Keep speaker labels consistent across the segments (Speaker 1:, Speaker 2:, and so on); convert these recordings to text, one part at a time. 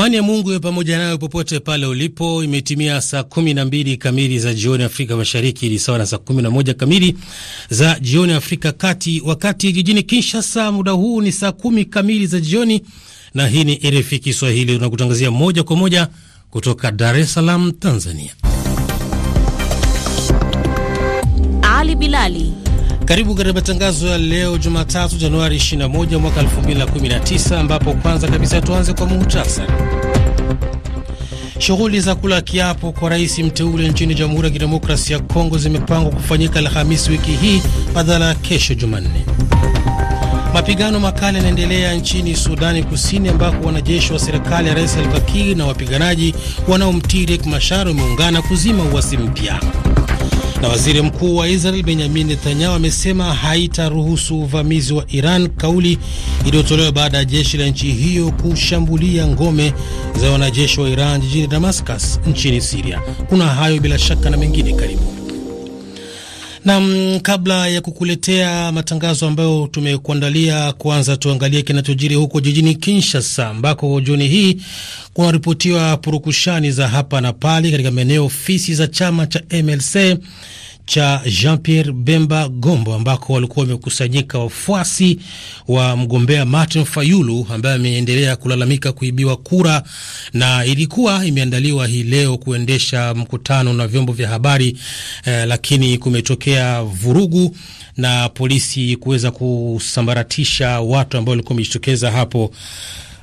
Speaker 1: Amani ya Mungu iwe pamoja nayo popote pale ulipo. Imetimia saa kumi na mbili kamili za jioni Afrika Mashariki, ili sawa na saa kumi na moja kamili za jioni Afrika Kati, wakati jijini Kinshasa muda huu ni saa kumi kamili za jioni. Na hii ni RFI Kiswahili, tunakutangazia moja kwa moja kutoka Dar es Salaam, Tanzania.
Speaker 2: Ali Bilali
Speaker 1: karibu katika matangazo ya leo Jumatatu, Januari 21 mwaka 2019, ambapo kwanza kabisa tuanze kwa muhtasari. Shughuli za kula kiapo kwa rais mteule nchini Jamhuri ya Kidemokrasia ya Kongo zimepangwa kufanyika Alhamisi wiki hii badala ya kesho Jumanne. Mapigano makali yanaendelea nchini Sudani Kusini ambako wanajeshi wa serikali ya Rais Al na wapiganaji wanaomtii Riek Machar wameungana kuzima uasi mpya. Na waziri mkuu wa Israel benyamin Netanyahu amesema haitaruhusu uvamizi wa Iran, kauli iliyotolewa baada ya jeshi la nchi hiyo kushambulia ngome za wanajeshi wa Iran jijini Damascus nchini Siria. Kuna hayo bila shaka na mengine, karibu Nam, kabla ya kukuletea matangazo ambayo tumekuandalia, kwanza tuangalie kinachojiri huko jijini Kinshasa, ambako jioni hii kunaripotiwa purukushani za hapa na pale katika maeneo ofisi za chama cha MLC cha Jean-Pierre Bemba Gombo ambako walikuwa wamekusanyika wafuasi wa mgombea Martin Fayulu ambaye ameendelea kulalamika kuibiwa kura, na ilikuwa imeandaliwa hii leo kuendesha mkutano na vyombo vya habari eh, lakini kumetokea vurugu na polisi kuweza kusambaratisha watu ambao walikuwa wamejitokeza hapo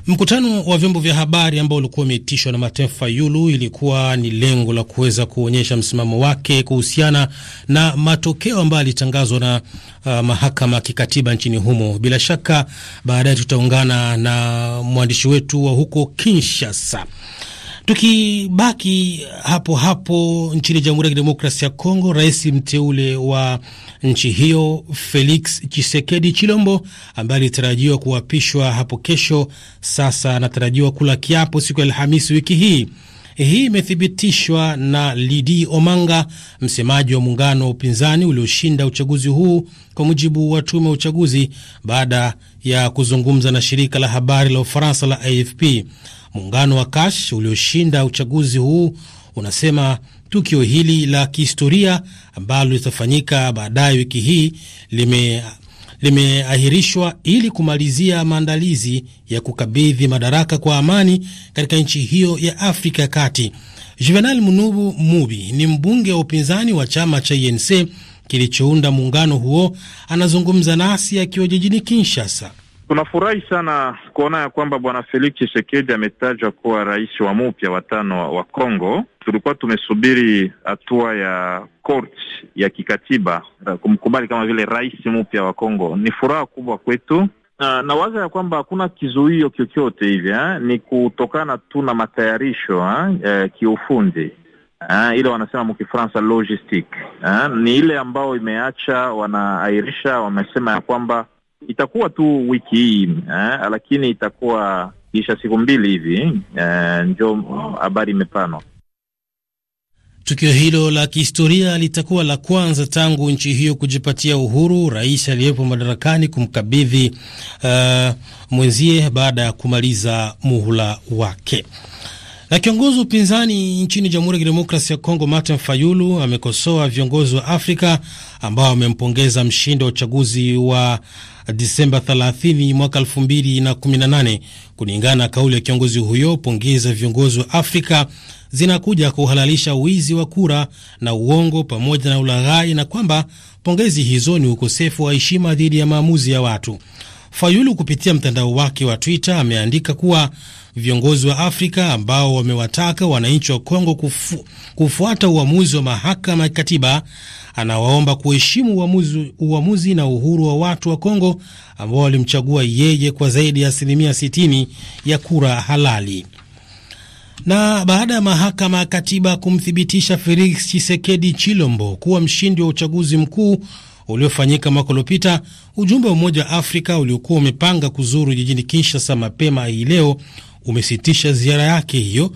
Speaker 1: Mkutano wa vyombo vya habari ambao ulikuwa umeitishwa na mataifa yulu ilikuwa ni lengo la kuweza kuonyesha msimamo wake kuhusiana na matokeo ambayo alitangazwa na uh, mahakama ya kikatiba nchini humo. Bila shaka baadaye tutaungana na mwandishi wetu wa huko Kinshasa Tukibaki hapo hapo nchini Jamhuri ya Kidemokrasia ya Kongo, rais mteule wa nchi hiyo Felix chisekedi Chilombo, ambaye alitarajiwa kuapishwa hapo kesho, sasa anatarajiwa kula kiapo siku ya Alhamisi wiki hii. Hii imethibitishwa na Lidi Omanga, msemaji wa muungano wa upinzani ulioshinda uchaguzi huu, kwa mujibu wa tume ya uchaguzi, baada ya kuzungumza na shirika la habari la Ufaransa la AFP. Muungano wa Kash ulioshinda uchaguzi huu unasema tukio hili la kihistoria ambalo litafanyika baadaye wiki hii lime limeahirishwa ili kumalizia maandalizi ya kukabidhi madaraka kwa amani katika nchi hiyo ya Afrika ya Kati. Juvenal Munubu Mubi ni mbunge wa upinzani wa chama cha enc kilichounda muungano huo, anazungumza nasi akiwa jijini Kinshasa.
Speaker 3: Tunafurahi sana kuona ya kwamba bwana Felix Tshisekedi ametajwa kuwa rais wa mupya wa tano wa Kongo. Tulikuwa tumesubiri hatua ya court ya kikatiba kumkubali kama vile rais mpya wa Kongo. Ni furaha kubwa kwetu na, na waza ya kwamba hakuna kizuio kyokyote hivi, eh? ni kutokana tu na matayarisho eh, eh kiufundi Ha, eh? ile wanasema mkifransa logistic ni ile ambayo imeacha wanaahirisha, wamesema ya kwamba itakuwa tu wiki hii eh, lakini itakuwa kisha siku mbili hivi eh, njo habari imepanwa.
Speaker 1: Tukio hilo la kihistoria litakuwa la kwanza tangu nchi hiyo kujipatia uhuru, rais aliyepo madarakani kumkabidhi uh, mwenzie baada ya kumaliza muhula wake. Na kiongozi upinzani nchini Jamhuri ya Kidemokrasia ya Kongo Martin Fayulu amekosoa viongozi wa Afrika ambao wamempongeza mshindi wa uchaguzi wa Disemba 30 mwaka 2018, kulingana na kauli ya kiongozi huyo. Pongezi za viongozi wa Afrika zinakuja kuhalalisha wizi wa kura na uongo pamoja na ulaghai, na kwamba pongezi hizo ni ukosefu wa heshima dhidi ya maamuzi ya watu. Fayulu kupitia mtandao wake wa Twitter ameandika kuwa viongozi wa Afrika ambao wamewataka wananchi wa Kongo kufu, kufuata uamuzi wa mahakama ya katiba. Anawaomba kuheshimu uamuzi, uamuzi na uhuru wa watu wa Kongo ambao walimchagua yeye kwa zaidi ya asilimia 60 ya kura halali. Na baada ya mahakama ya katiba kumthibitisha Felix chisekedi Chilombo kuwa mshindi wa uchaguzi mkuu uliofanyika mwaka uliopita, ujumbe wa Umoja wa Afrika uliokuwa umepanga kuzuru jijini Kinshasa mapema hii leo umesitisha ziara yake hiyo.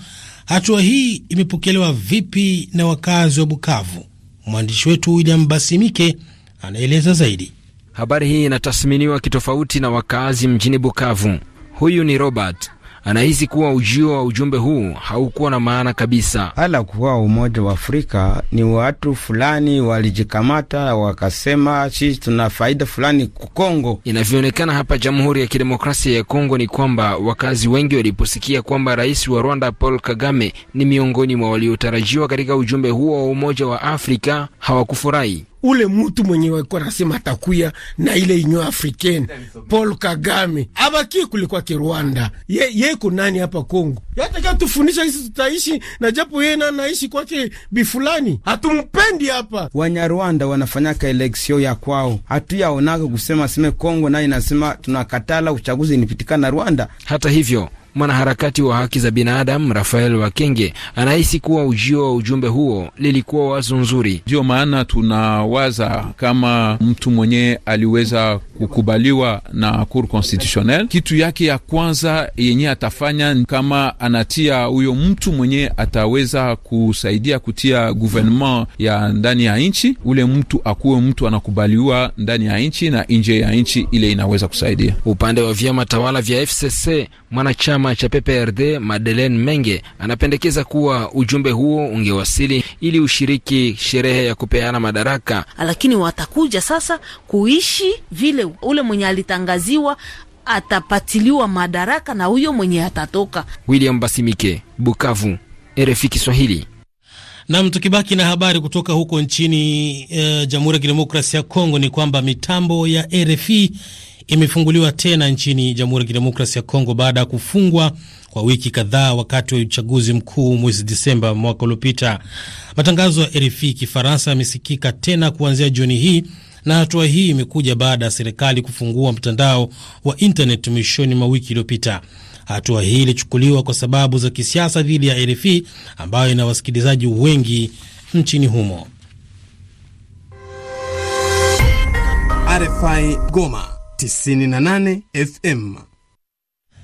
Speaker 1: Hatua hii imepokelewa vipi na wakazi wa Bukavu? Mwandishi wetu William Basimike anaeleza zaidi.
Speaker 4: Habari hii inatathminiwa kitofauti na wakazi mjini Bukavu. Huyu ni Robert anahisi kuwa ujio wa ujumbe huu haukuwa na maana kabisa. Hala kuwa Umoja wa Afrika ni watu fulani walijikamata wakasema sisi tuna faida fulani ku Kongo. Inavyoonekana hapa Jamhuri ya Kidemokrasia ya Kongo ni kwamba wakazi wengi waliposikia kwamba rais wa Rwanda Paul Kagame ni miongoni mwa waliotarajiwa katika ujumbe huo wa Umoja wa Afrika hawakufurahi
Speaker 1: ule mutu mwenye walikuwa nasema atakuya na ile inyo africaine Paul Kagame abakie kulikuwa ki Rwanda, ye yeko hapa Kongo, yataka tufundisha isi tutaishi na japo yeye na naishi kwake bifulani, hatumpendi hapa.
Speaker 4: Wanyarwanda wanafanyaka eleksio ya kwao, hatuyaonaka kusema sime Kongo naye nasema tunakatala uchaguzi na Rwanda. Hata hivyo Mwanaharakati wa haki za binadamu Rafael Wakenge anahisi kuwa ujio wa ujumbe huo lilikuwa wazo nzuri. Ndio maana tunawaza kama mtu mwenyewe aliweza kukubaliwa na Cour Constitutionnelle, kitu yake ya kwanza yenye atafanya kama anatia huyo mtu mwenyewe ataweza kusaidia kutia gouvernement ya ndani ya nchi, ule mtu akuwe mtu anakubaliwa ndani ya nchi na nje ya nchi, ile inaweza kusaidia upande wa vyama tawala vya FCC mwanachama chama cha PPRD Madeleine Menge anapendekeza kuwa ujumbe huo ungewasili ili ushiriki sherehe ya kupeana madaraka,
Speaker 2: lakini watakuja sasa kuishi vile ule mwenye alitangaziwa atapatiliwa madaraka na huyo mwenye atatoka.
Speaker 4: William Basimike, Bukavu, RFI Kiswahili.
Speaker 1: Nam, tukibaki na habari kutoka huko nchini e, Jamhuri ya Kidemokrasia ya Kongo ni kwamba mitambo ya RFI imefunguliwa tena nchini Jamhuri ya Kidemokrasia ya Kongo baada ya kufungwa kwa wiki kadhaa wakati wa uchaguzi mkuu mwezi Disemba mwaka uliopita. Matangazo ya RFI Kifaransa yamesikika tena kuanzia jioni hii, na hatua hii imekuja baada ya serikali kufungua mtandao wa intanet mwishoni mwa wiki iliyopita. Hatua hii ilichukuliwa kwa sababu za kisiasa dhidi ya RFI ambayo ina wasikilizaji wengi nchini humo. RFI Goma 98 FM.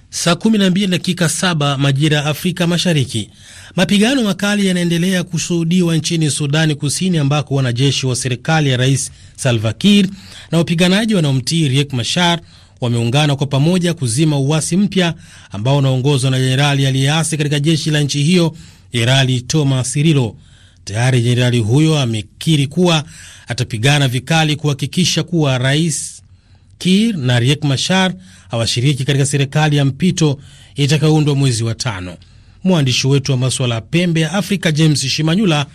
Speaker 1: Saa 12 dakika 7 majira ya Afrika Mashariki. Mapigano makali yanaendelea kushuhudiwa nchini Sudani Kusini, ambako wanajeshi wa serikali ya Rais Salva Kiir na wapiganaji wanaomtii Riek Machar wameungana kwa pamoja kuzima uasi mpya ambao unaongozwa na jenerali aliyeasi katika jeshi la nchi hiyo, Jenerali Thomas Sirilo. Tayari jenerali huyo amekiri kuwa atapigana vikali kuhakikisha kuwa rais kir na Riek mashar hawashiriki katika serikali ya mpito itakayoundwa mwezi wa tano. Mwandishi wetu wa masuala ya pembe ya Afrika James Shimanyula,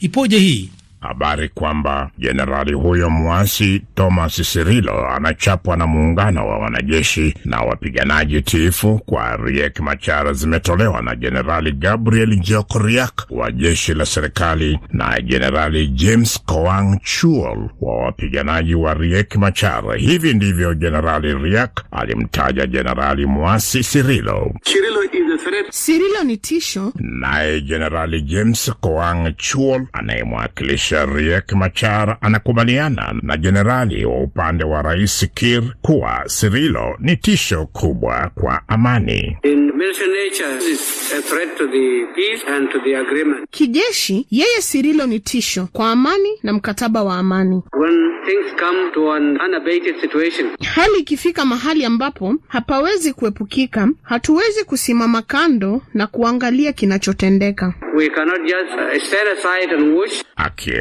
Speaker 1: ipoje hii?
Speaker 5: habari kwamba jenerali huyo mwasi Thomas Sirilo anachapwa na muungano wa wanajeshi na wapiganaji tiifu kwa Riek Machar zimetolewa na jenerali Gabriel Jokoriak wa jeshi la serikali na jenerali James Koang Chuol wa wapiganaji wa Riek Machar. Hivi ndivyo jenerali Riak alimtaja jenerali mwasi Sirilo.
Speaker 6: Sirilo ni tisho,
Speaker 5: naye jenerali James Koang Chuol anayemwakilisha Riek Machar anakubaliana na jenerali wa upande wa rais Kir kuwa Sirilo ni tisho kubwa kwa amani.
Speaker 7: In nature, a threat to the peace and to the agreement.
Speaker 6: Kijeshi yeye Sirilo ni tisho kwa amani na mkataba wa amani.
Speaker 7: When things come to an unabated situation,
Speaker 6: hali ikifika mahali ambapo hapawezi kuepukika, hatuwezi kusimama kando na kuangalia kinachotendeka.
Speaker 7: We cannot just uh, stand aside
Speaker 5: and watch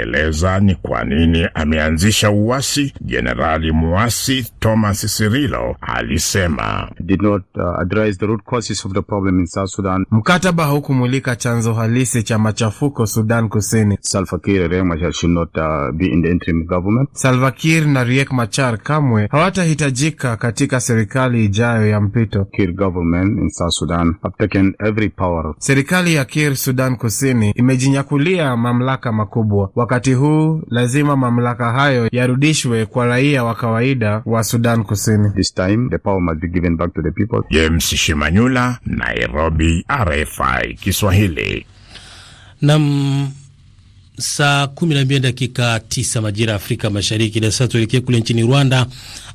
Speaker 5: akieleza ni kwa nini ameanzisha uwasi jenerali mwasi Thomas Sirilo alisema Did not, uh, the root of the problem in South Sudan. Mkataba haukumulika chanzo halisi cha machafuko Sudan Kusini. Salva Kiir, Riek Machar should not, uh, be in the interim government. Salva Kiir na Riek Machar kamwe hawatahitajika katika serikali ijayo ya mpito. Kiir government in South Sudan have taken every power. Serikali ya Kiir Sudan Kusini imejinyakulia mamlaka makubwa Wakati huu lazima mamlaka hayo yarudishwe kwa raia wa kawaida wa Sudan Kusini. This time, the power must be given back to the people. James Shimanyula, Nairobi, RFI Kiswahili.
Speaker 1: Nam saa mbili dakika 9 majira ya Afrika Mashariki. Sasa tuelekee kule nchini Rwanda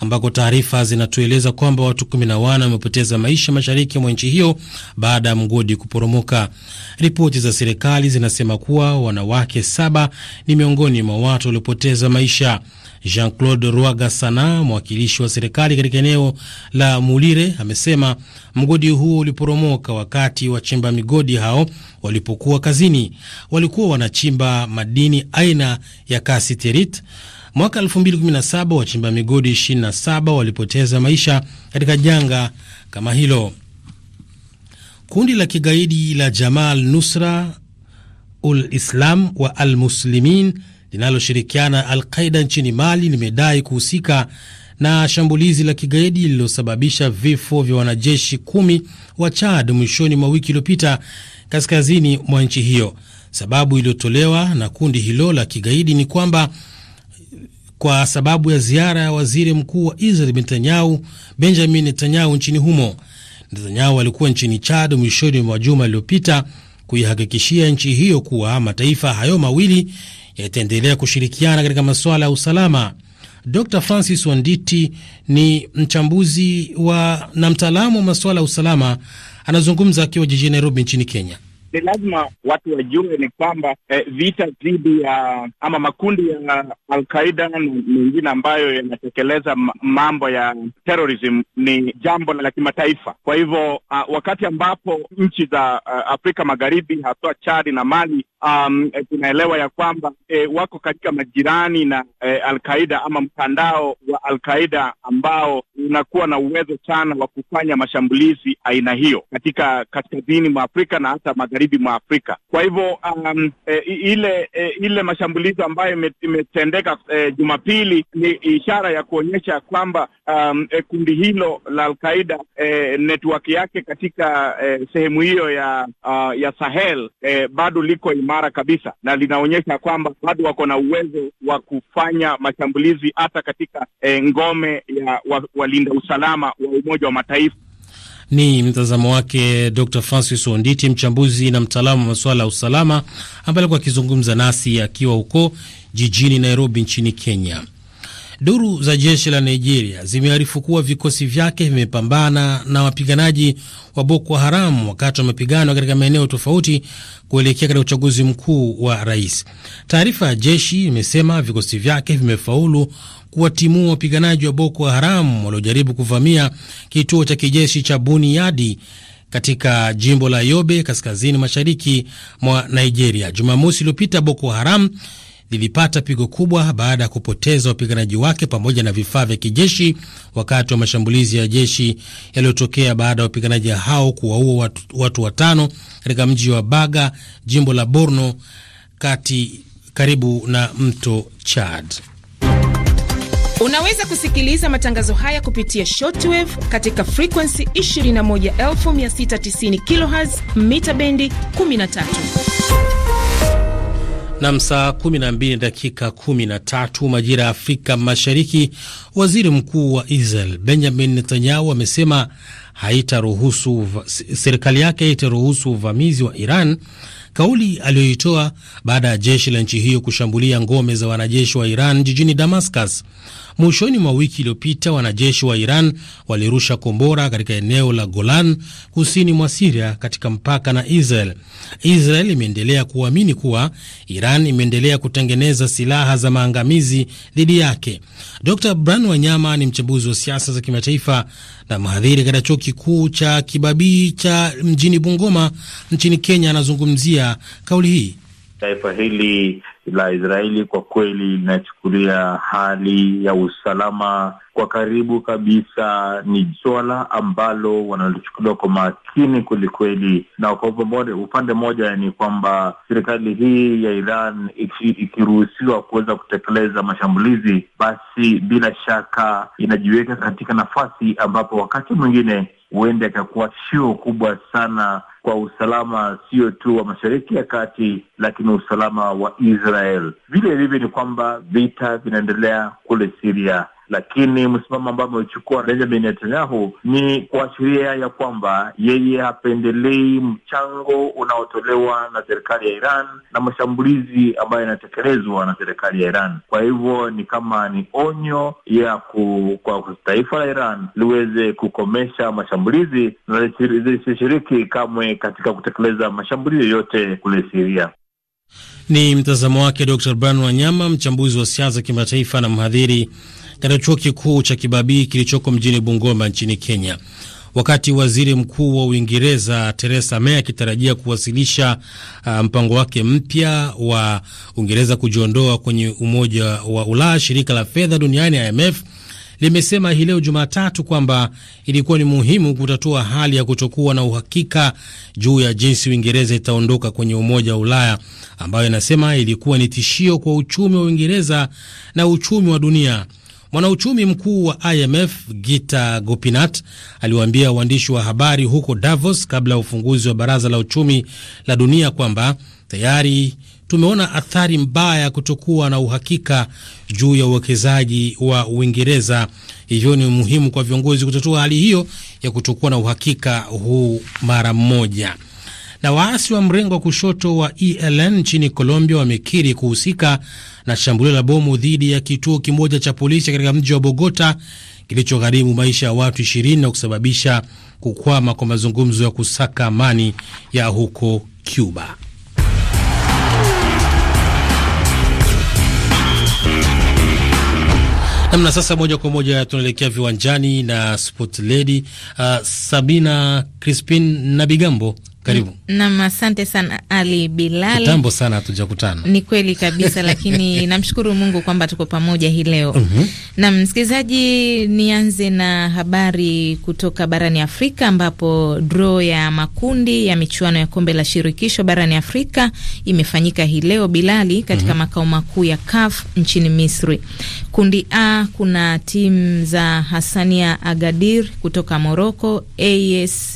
Speaker 1: ambako taarifa zinatueleza kwamba watu 11 wamepoteza maisha mashariki mwa nchi hiyo baada ya mgodi kuporomoka. Ripoti za serikali zinasema kuwa wanawake saba ni miongoni mwa watu waliopoteza maisha. Jean-Claude Roagasana, mwakilishi wa serikali katika eneo la Mulire, amesema mgodi huo uliporomoka wakati wachimba migodi hao walipokuwa kazini. Walikuwa wanachimba madini aina ya kasiterit Mwaka 2017 wachimba migodi 27 walipoteza maisha katika janga kama hilo. Kundi la kigaidi la Jamal Nusra ul Islam wa al muslimin linaloshirikiana Alqaida nchini Mali limedai kuhusika na shambulizi la kigaidi lililosababisha vifo vya wanajeshi kumi wa Chad mwishoni mwa wiki iliyopita kaskazini mwa nchi hiyo. Sababu iliyotolewa na kundi hilo la kigaidi ni kwamba kwa sababu ya ziara ya waziri mkuu wa Israel Netanyahu, Benjamin Netanyahu nchini humo. Netanyahu alikuwa nchini Chad mwishoni mwa juma iliyopita kuihakikishia nchi hiyo kuwa mataifa hayo mawili yataendelea kushirikiana katika masuala ya usalama. Dr Francis Wanditi ni mchambuzi wa na mtaalamu wa masuala ya usalama, anazungumza akiwa jijini Nairobi nchini Kenya.
Speaker 3: Ni lazima watu wajue ni kwamba eh, vita dhidi ya ama makundi ya Alqaida na mengine ambayo yanatekeleza mambo ya terrorism ni jambo la kimataifa. Kwa hivyo uh, wakati ambapo nchi za uh, Afrika Magharibi, haswa Chadi na Mali um, e, tunaelewa ya kwamba e, wako katika majirani na e, Alqaida ama mtandao wa Alqaida ambao unakuwa na uwezo sana wa kufanya mashambulizi aina hiyo katika kaskazini mwa Afrika na hata magharibi mwa Afrika. Kwa hivyo um, e, ile e, ile mashambulizi ambayo imetendeka e, Jumapili ni ishara ya kuonyesha kwamba um, e, kundi hilo la Alqaida e, eh, network yake katika e, sehemu hiyo ya uh, ya Sahel e, bado liko imara kabisa na linaonyesha kwamba bado wako na uwezo wa kufanya mashambulizi hata katika e, ngome ya walinda wa usalama wa Umoja wa Mataifa.
Speaker 1: Ni mtazamo wake Dr Francis Onditi, mchambuzi na mtaalamu wa masuala ya usalama, ambaye alikuwa akizungumza nasi akiwa huko jijini Nairobi nchini Kenya. Duru za jeshi la Nigeria zimearifu kuwa vikosi vyake vimepambana na wapiganaji wa Boko Haram wakati wa mapigano katika maeneo tofauti kuelekea katika uchaguzi mkuu wa rais. Taarifa ya jeshi imesema vikosi vyake vimefaulu kuwatimua wapiganaji wa Boko Haram waliojaribu kuvamia kituo cha kijeshi cha Buniyadi katika jimbo la Yobe kaskazini mashariki mwa Nigeria. Jumamosi iliyopita Boko Haram lilipata pigo kubwa baada ya kupoteza wapiganaji wake pamoja na vifaa vya kijeshi wakati wa mashambulizi ya jeshi yaliyotokea baada ya wapiganaji hao kuwaua watu, watu watano katika mji wa Baga, jimbo la Borno kati karibu na mto Chad.
Speaker 2: Unaweza kusikiliza matangazo haya kupitia shortwave katika frekuensi 21690 kHz mita bendi 13.
Speaker 1: Nam, saa 12 dakika 13 majira ya Afrika Mashariki. Waziri Mkuu wa Israel Benjamin Netanyahu amesema haitaruhusu serikali yake haitaruhusu uvamizi wa Iran, kauli aliyoitoa baada ya jeshi la nchi hiyo kushambulia ngome za wanajeshi wa Iran jijini Damascus. Mwishoni mwa wiki iliyopita wanajeshi wa Iran walirusha kombora katika eneo la Golan kusini mwa Siria katika mpaka na Israel. Israel imeendelea kuamini kuwa Iran imeendelea kutengeneza silaha za maangamizi dhidi yake. Dr Bran Wanyama ni mchambuzi wa siasa za kimataifa na mhadhiri katika chuo kikuu cha Kibabii cha mjini Bungoma nchini Kenya. Anazungumzia kauli hii
Speaker 3: taifa hili la Israeli kwa kweli linachukulia hali ya usalama kwa karibu kabisa. Ni swala ambalo wanalichukulia kwa makini kwelikweli, na kwa upande mmoja ni kwamba serikali hii ya Iran ikiruhusiwa iki kuweza kutekeleza mashambulizi, basi bila shaka inajiweka katika nafasi ambapo wakati mwingine huenda ikakuwa sio kubwa sana kwa usalama sio tu wa Mashariki ya Kati, lakini usalama wa Israel. Vile ilivyo ni kwamba vita vinaendelea kule Siria lakini msimamo ambao amechukua Benjamin Netanyahu ni kuashiria ya kwamba yeye hapendelei mchango unaotolewa na serikali ya Iran na mashambulizi ambayo yanatekelezwa na serikali ya Iran. Kwa hivyo ni kama ni onyo ya ku, kwa taifa la Iran liweze kukomesha mashambulizi na lisishiriki kamwe katika kutekeleza mashambulizi yoyote kule Siria.
Speaker 1: Ni mtazamo wake Dr. Brian Wanyama, mchambuzi wa siasa kimataifa na mhadhiri katika chuo kikuu cha Kibabii kilichoko mjini Bungoma nchini Kenya. Wakati waziri mkuu wa Uingereza Theresa May akitarajia kuwasilisha uh, mpango wake mpya wa Uingereza kujiondoa kwenye Umoja wa Ulaya, shirika la fedha duniani IMF limesema hii leo Jumatatu kwamba ilikuwa ni muhimu kutatua hali ya kutokuwa na uhakika juu ya jinsi Uingereza itaondoka kwenye Umoja wa Ulaya, ambayo inasema ilikuwa ni tishio kwa uchumi wa Uingereza na uchumi wa dunia. Mwanauchumi mkuu wa IMF Gita Gopinath aliwaambia waandishi wa habari huko Davos kabla ya ufunguzi wa baraza la uchumi la dunia kwamba tayari tumeona athari mbaya ya kutokuwa na uhakika juu ya uwekezaji wa Uingereza, hivyo ni muhimu kwa viongozi kutatua hali hiyo ya kutokuwa na uhakika huu mara moja. Na waasi wa mrengo wa kushoto wa ELN nchini Colombia wamekiri kuhusika na shambulio la bomu dhidi ya kituo kimoja cha polisi katika mji wa Bogota kilichogharimu maisha ya watu 20 na kusababisha kukwama kwa mazungumzo ya kusaka amani ya huko Cuba. Namna sasa, moja kwa moja tunaelekea viwanjani na Sport Lady uh, Sabina Crispin na Bigambo karibu.
Speaker 2: Naam, asante sana Ali Bilali. Kitambo
Speaker 1: sana hatujakutana.
Speaker 2: Ni kweli kabisa lakini namshukuru Mungu kwamba tuko pamoja hii leo. Mm -hmm. Na msikilizaji, nianze na habari kutoka barani Afrika ambapo draw ya makundi ya michuano ya kombe la shirikisho barani Afrika imefanyika hii leo Bilali, katika mm -hmm. makao makuu ya CAF nchini Misri. Kundi A kuna timu za Hassania Agadir kutoka Morocco, AS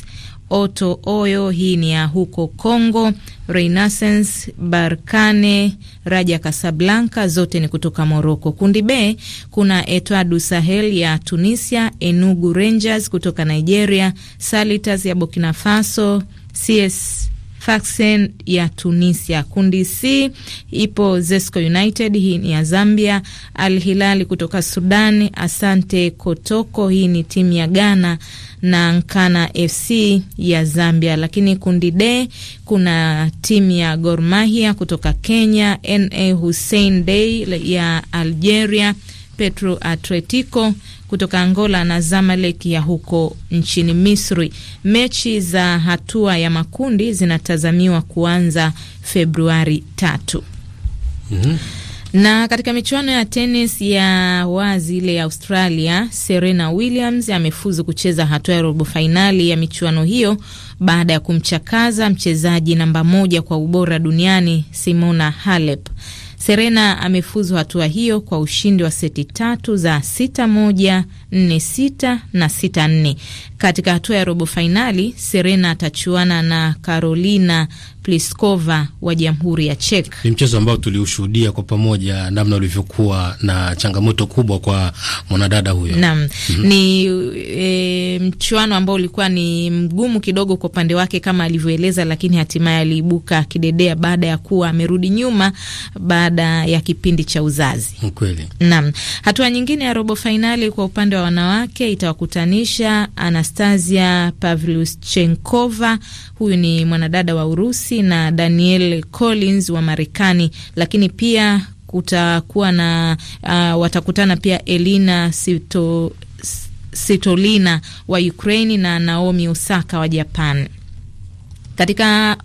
Speaker 2: Oto Oyo, hii ni ya huko Congo. Renaissance Barkane, Raja Casablanca, zote ni kutoka Morocco. Kundi B kuna Etoile Sahel ya Tunisia, Enugu Rangers kutoka Nigeria, Salitas ya Burkina Faso, CS Faxen ya Tunisia. Kundi C ipo Zesco United, hii ni ya Zambia, Al Hilali kutoka Sudan, Asante Kotoko, hii ni timu ya Ghana na Nkana FC ya Zambia. Lakini kundi D kuna timu ya Gor Mahia kutoka Kenya, NA Hussein Dey ya Algeria Petro Atletico kutoka Angola na Zamalek ya huko nchini Misri. Mechi za hatua ya makundi zinatazamiwa kuanza Februari tatu. mm -hmm. Na katika michuano ya tenis ya wazi ile ya Australia, Serena Williams amefuzu kucheza hatua ya robo fainali ya michuano hiyo baada ya kumchakaza mchezaji namba moja kwa ubora duniani Simona Halep. Serena amefuzu hatua hiyo kwa ushindi wa seti tatu za sita moja 4-6 na 6 Katika hatua ya robo fainali, Serena atachuana na Karolina Pliskova wa Jamhuri ya Czech.
Speaker 1: Ni mchezo ambao tuliushuhudia kwa pamoja, namna ulivyokuwa na changamoto kubwa kwa mwanadada huyo.
Speaker 2: Naam, mm -hmm. Ni e, mchuano ambao ulikuwa ni mgumu kidogo kwa upande wake kama alivyoeleza, lakini hatimaye aliibuka kidedea baada ya kuwa amerudi nyuma baada ya kipindi cha uzazi. Kweli. Naam. Hatua nyingine ya robo fainali kwa upande ya wanawake itawakutanisha Anastasia Pavluchenkova, huyu ni mwanadada wa Urusi, na Daniel Collins wa Marekani, lakini pia kutakuwa na uh, watakutana pia Elina Sito, Sitolina wa Ukraini na Naomi Osaka wa Japan. Katika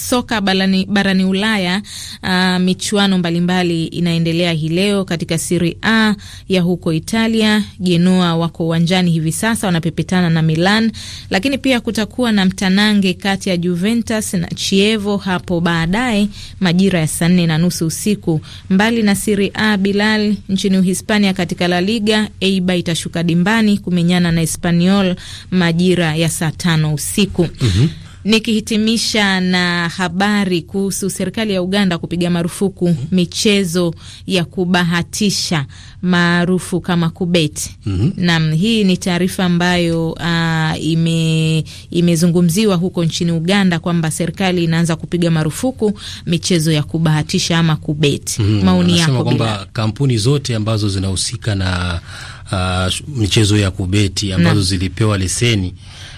Speaker 2: soka barani, barani Ulaya uh, michuano mbalimbali inaendelea hii leo katika Serie A ya huko Italia. Genoa wako uwanjani hivi sasa wanapepetana na Milan, lakini pia kutakuwa na mtanange kati ya Juventus na Chievo hapo baadaye majira ya saa nne na nusu usiku. Mbali na Serie A, Bilal, nchini Uhispania katika La Liga, Eibar itashuka dimbani kumenyana na Espanyol majira ya saa tano usiku. mm -hmm. Nikihitimisha na habari kuhusu serikali ya Uganda kupiga marufuku mhm. michezo ya kubahatisha maarufu kama kubeti. Mm -hmm. Naam, hii ni taarifa ambayo uh, ime imezungumziwa huko nchini Uganda kwamba serikali inaanza kupiga marufuku michezo ya kubahatisha ama kubeti. Mm -hmm. Maoni yako kwamba
Speaker 1: kampuni zote ambazo zinahusika na uh, michezo ya kubeti ambazo na zilipewa leseni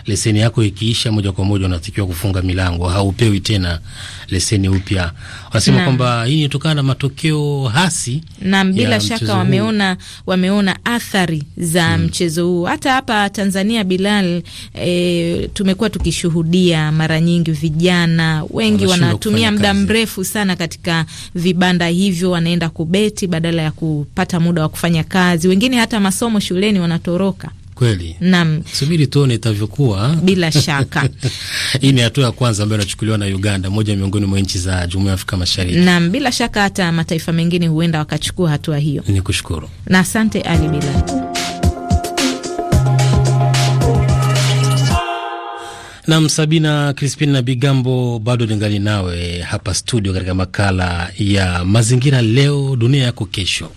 Speaker 1: leseni yako ikiisha, moja kwa moja unatakiwa kufunga milango, haupewi tena leseni upya. Wanasema kwamba hii inatokana na matokeo hasi, na bila shaka wameona,
Speaker 2: wameona athari za hmm, mchezo huu. Hata hapa Tanzania Bilal, e, tumekuwa tukishuhudia mara nyingi vijana wengi wanatumia muda mrefu sana katika vibanda hivyo, wanaenda kubeti badala ya kupata muda wa kufanya kazi. Wengine hata masomo shuleni wanatoroka kweli. Naam,
Speaker 1: subiri tuone itavyokuwa bila shaka. Hii ni hatua ya kwanza ambayo inachukuliwa na Uganda, moja miongoni mwa nchi za Jumuiya ya Afrika Mashariki. Naam,
Speaker 2: bila shaka hata mataifa mengine huenda wakachukua hatua hiyo. Ni kushukuru na asante Ali Bila.
Speaker 1: Nam Sabina Crispin na Bigambo, bado ningali nawe hapa studio katika makala ya mazingira, leo dunia yako kesho.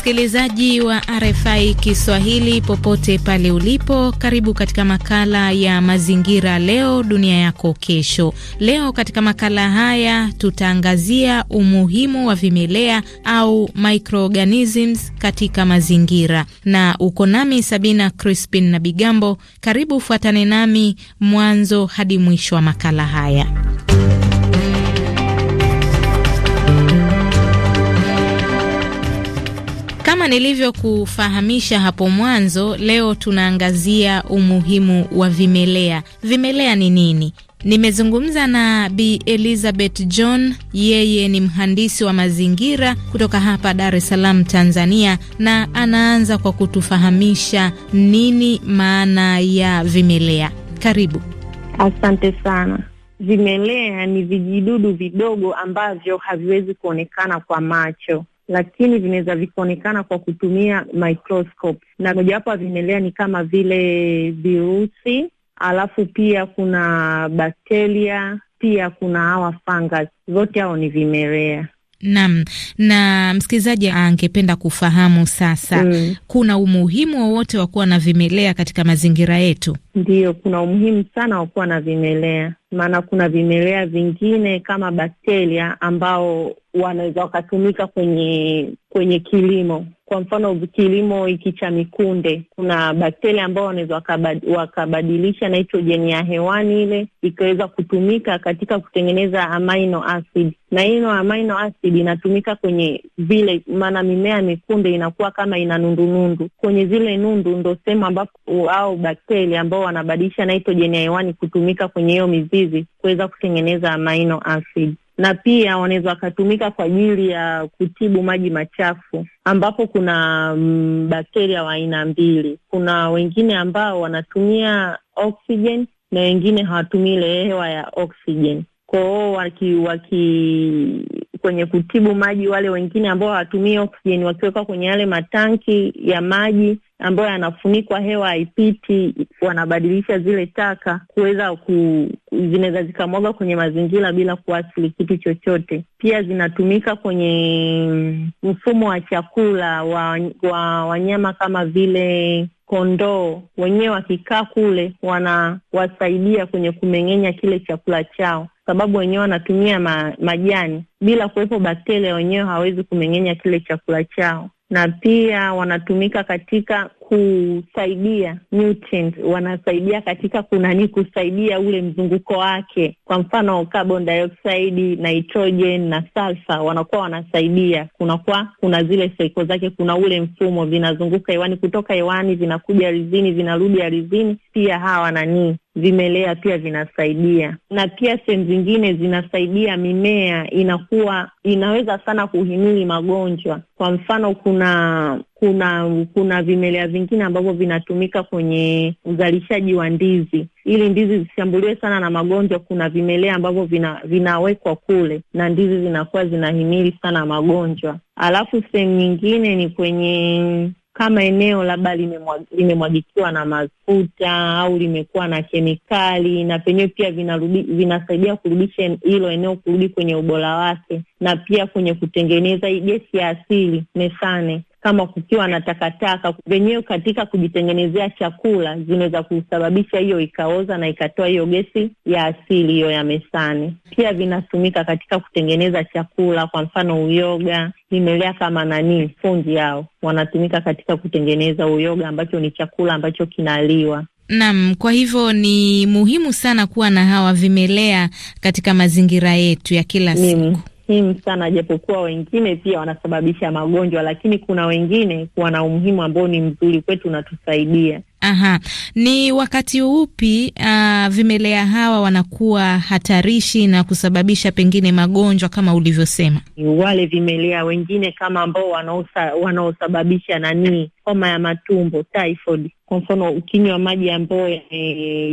Speaker 2: Msikilizaji wa RFI Kiswahili popote pale ulipo, karibu katika makala ya mazingira leo dunia yako kesho. Leo katika makala haya tutaangazia umuhimu wa vimelea au microorganisms katika mazingira, na uko nami Sabina Crispin na Bigambo. Karibu, fuatane nami mwanzo hadi mwisho wa makala haya. Kama nilivyokufahamisha hapo mwanzo, leo tunaangazia umuhimu wa vimelea. Vimelea ni nini? Nimezungumza na Bi Elizabeth John, yeye ni mhandisi wa mazingira kutoka hapa Dar es Salaam, Tanzania, na anaanza kwa kutufahamisha nini maana ya vimelea. Karibu.
Speaker 8: Asante sana. Vimelea ni vijidudu vidogo ambavyo haviwezi kuonekana kwa macho lakini vinaweza vikaonekana kwa kutumia microscope, na mojawapo vimelea ni kama vile virusi, alafu pia kuna bakteria, pia kuna hawa fungus, zote hao ni vimelea.
Speaker 2: Naam, na msikilizaji angependa kufahamu sasa, mm, kuna umuhimu wowote wa kuwa na vimelea katika mazingira yetu?
Speaker 8: Ndiyo, kuna umuhimu sana wa kuwa na vimelea, maana kuna vimelea vingine kama bakteria ambao wanaweza wakatumika kwenye kwenye kilimo kwa mfano kilimo hiki cha mikunde, kuna bakteria ambao wanaweza wakabadilisha nitrojeni ya hewani ile ikaweza kutumika katika kutengeneza amino acid, na hiyo amino acid inatumika kwenye vile, maana mimea ya mikunde inakuwa kama ina nundunundu. Kwenye zile nundu ndo sehemu ambapo au bakteria ambao wanabadilisha nitrojeni ya hewani kutumika kwenye hiyo mizizi kuweza kutengeneza amino acid na pia wanaweza wakatumika kwa ajili ya kutibu maji machafu, ambapo kuna mm, bakteria wa aina mbili. Kuna wengine ambao wanatumia oxygen na wengine hawatumii ile hewa ya oxygen. Kwao waki, waki kwenye kutibu maji, wale wengine ambao hawatumii oxygen wakiwekwa kwenye yale matanki ya maji ambayo yanafunikwa, hewa haipiti, wanabadilisha zile taka kuweza ku, zinaweza zikamwaga kwenye mazingira bila kuasili kitu chochote. Pia zinatumika kwenye mfumo wa chakula wa, wa wanyama kama vile kondoo wenyewe wakikaa kule wanawasaidia kwenye kumeng'enya kile chakula chao, sababu wenyewe wanatumia ma, majani. Bila kuwepo bakteria, wenyewe hawawezi kumeng'enya kile chakula chao na pia wanatumika katika kusaidia nutrient, wanasaidia katika kunani, kusaidia ule mzunguko wake. Kwa mfano carbon dioxide, nitrogen na sulfur wanakuwa wanasaidia, kunakuwa kuna zile saiko zake, kuna ule mfumo, vinazunguka hewani, kutoka hewani vinakuja ardhini, vinarudi ardhini. Pia hawa nanii vimelea pia vinasaidia, na pia sehemu zingine zinasaidia. Mimea inakuwa inaweza sana kuhimili magonjwa. Kwa mfano, kuna kuna kuna vimelea vingine ambavyo vinatumika kwenye uzalishaji wa ndizi ili ndizi zishambuliwe sana na magonjwa. Kuna vimelea ambavyo vina, vinawekwa kule na ndizi zinakuwa zinahimili sana magonjwa. Alafu sehemu nyingine ni kwenye kama eneo labda limemwagikiwa na mafuta au limekuwa na kemikali, na penyewe pia vinarudi, vinasaidia kurudisha hilo eneo kurudi kwenye ubora wake, na pia kwenye kutengeneza hii gesi ya asili methane kama kukiwa na takataka wenyewe katika kujitengenezea chakula zinaweza kusababisha hiyo ikaoza na ikatoa hiyo gesi ya asili hiyo ya mesani. Pia vinatumika katika kutengeneza chakula, kwa mfano uyoga, vimelea kama nanii fundi yao wanatumika katika kutengeneza uyoga ambacho ni chakula ambacho kinaliwa.
Speaker 2: Naam, kwa hivyo ni muhimu sana kuwa na hawa vimelea katika mazingira yetu ya kila siku
Speaker 8: muhimu sana, japokuwa wengine pia wanasababisha magonjwa, lakini kuna wengine kuwa na umuhimu ambao ni mzuri kwetu, unatusaidia.
Speaker 2: Aha, ni wakati upi uh, vimelea hawa wanakuwa hatarishi na kusababisha pengine magonjwa kama ulivyosema?
Speaker 8: Ni wale vimelea wengine kama ambao wanaosababisha nanii homa ya matumbo typhoid. Kwa mfano, ukinywa maji ambayo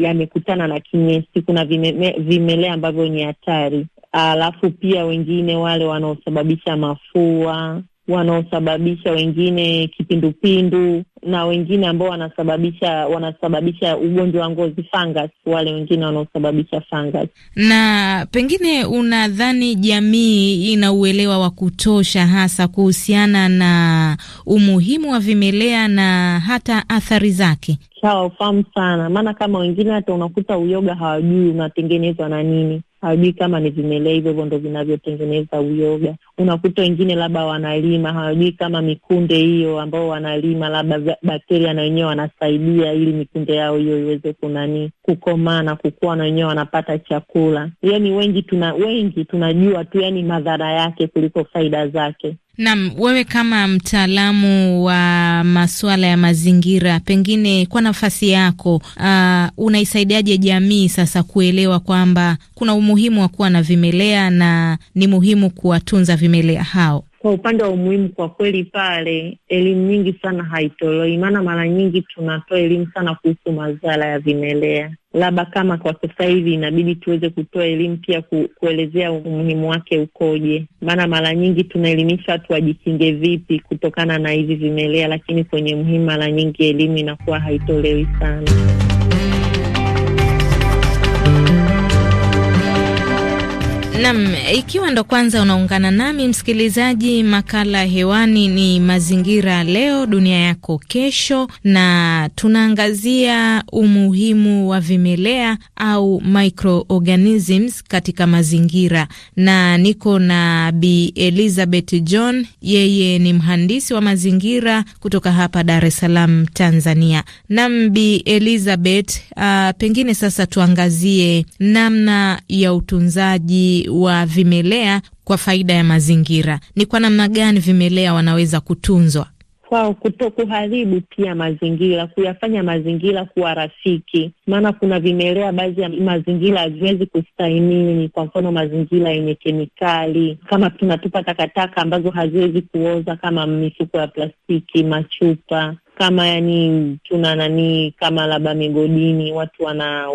Speaker 8: yamekutana na kinyesi, kuna vime, vimelea ambavyo ni hatari alafu pia wengine wale wanaosababisha mafua, wanaosababisha wengine kipindupindu, na wengine ambao wanasababisha wanasababisha ugonjwa wa ngozi fungus, wale wengine wanaosababisha fungus.
Speaker 2: Na pengine unadhani jamii ina uelewa wa kutosha hasa kuhusiana na umuhimu wa vimelea na hata athari zake?
Speaker 8: Sawa, ufahamu sana, maana kama wengine hata unakuta uyoga hawajui unatengenezwa na nini hawajui kama ni vimelea hivyo hivyo ndo vinavyotengeneza uyoga. Unakuta wengine labda wanalima hawajui kama mikunde hiyo ambao wanalima labda bakteria na wenyewe wanasaidia ili mikunde yao hiyo iweze kunani kukomaa na kukua, na wenyewe wanapata chakula. Yani wengi tuna wengi tunajua tu yani madhara yake kuliko faida zake
Speaker 2: nam wewe kama mtaalamu wa masuala ya mazingira, pengine kwa nafasi yako, uh, unaisaidiaje jamii sasa kuelewa kwamba kuna umuhimu wa kuwa na vimelea na ni muhimu kuwatunza vimelea hao?
Speaker 8: kwa upande wa umuhimu, kwa kweli pale elimu nyingi sana haitolewi, maana mara nyingi tunatoa elimu sana kuhusu madhara ya vimelea. Labda kama kwa sasa hivi inabidi tuweze kutoa elimu pia ku, kuelezea umuhimu wake ukoje, maana mara nyingi tunaelimisha watu wajikinge vipi kutokana na hivi vimelea, lakini kwenye muhimu mara nyingi elimu inakuwa haitolewi sana.
Speaker 2: Nam, ikiwa ndo kwanza unaungana nami msikilizaji, makala hewani ni mazingira leo dunia yako kesho, na tunaangazia umuhimu wa vimelea au microorganisms katika mazingira, na niko na Bi Elizabeth John, yeye ni mhandisi wa mazingira kutoka hapa Dar es Salaam, Tanzania. Nam, Bi Elizabeth, uh, pengine sasa tuangazie namna ya utunzaji wa vimelea kwa faida ya mazingira. Ni kwa namna gani vimelea wanaweza kutunzwa?
Speaker 8: Kwa kuto kuharibu pia mazingira, kuyafanya mazingira kuwa rafiki, maana kuna vimelea baadhi ya mazingira haziwezi kustahimili. Kwa mfano, mazingira yenye kemikali, kama tunatupa takataka ambazo haziwezi kuoza, kama mifuko ya plastiki, machupa kama yani tuna nani kama labda migodini watu wana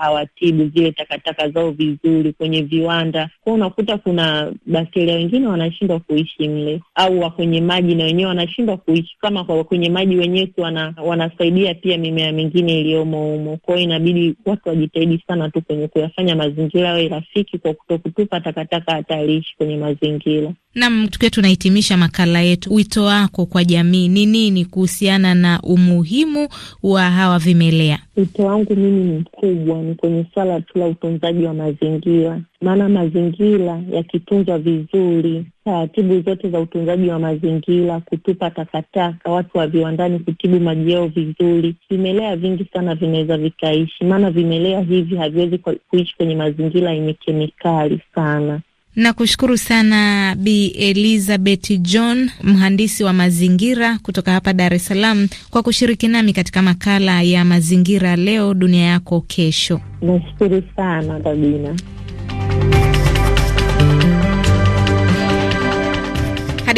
Speaker 8: hawatibu zile takataka zao vizuri kwenye viwanda kwao, unakuta kuna bakteria wengine wanashindwa kuishi mle, au wa kwenye maji na wenyewe wanashindwa kuishi. Kama kwa kwenye maji wenyewe wana, wanasaidia pia mimea mingine iliyomo humo. Kwao inabidi watu wajitahidi sana tu kwenye kuyafanya mazingira yawe rafiki kwa kutokutupa takataka hatarishi kwenye mazingira.
Speaker 2: Nam, tukiwa tunahitimisha makala yetu, wito wako kwa jamii ni nini kuhusiana na umuhimu wa hawa vimelea? Wito wangu mimi
Speaker 8: ni mkubwa, ni kwenye swala tu la utunzaji wa mazingira, maana mazingira yakitunzwa vizuri, taratibu zote za utunzaji wa mazingira, kutupa takataka, watu wa viwandani kutibu maji yao vizuri, vimelea vingi sana vinaweza vikaishi, maana vimelea hivi haviwezi kuishi kwenye mazingira yenye kemikali sana.
Speaker 2: Nakushukuru sana Bi Elizabeth John, mhandisi wa mazingira kutoka hapa Dar es Salaam, kwa kushiriki nami katika makala ya mazingira leo dunia yako kesho. Nashukuru sana Tabina.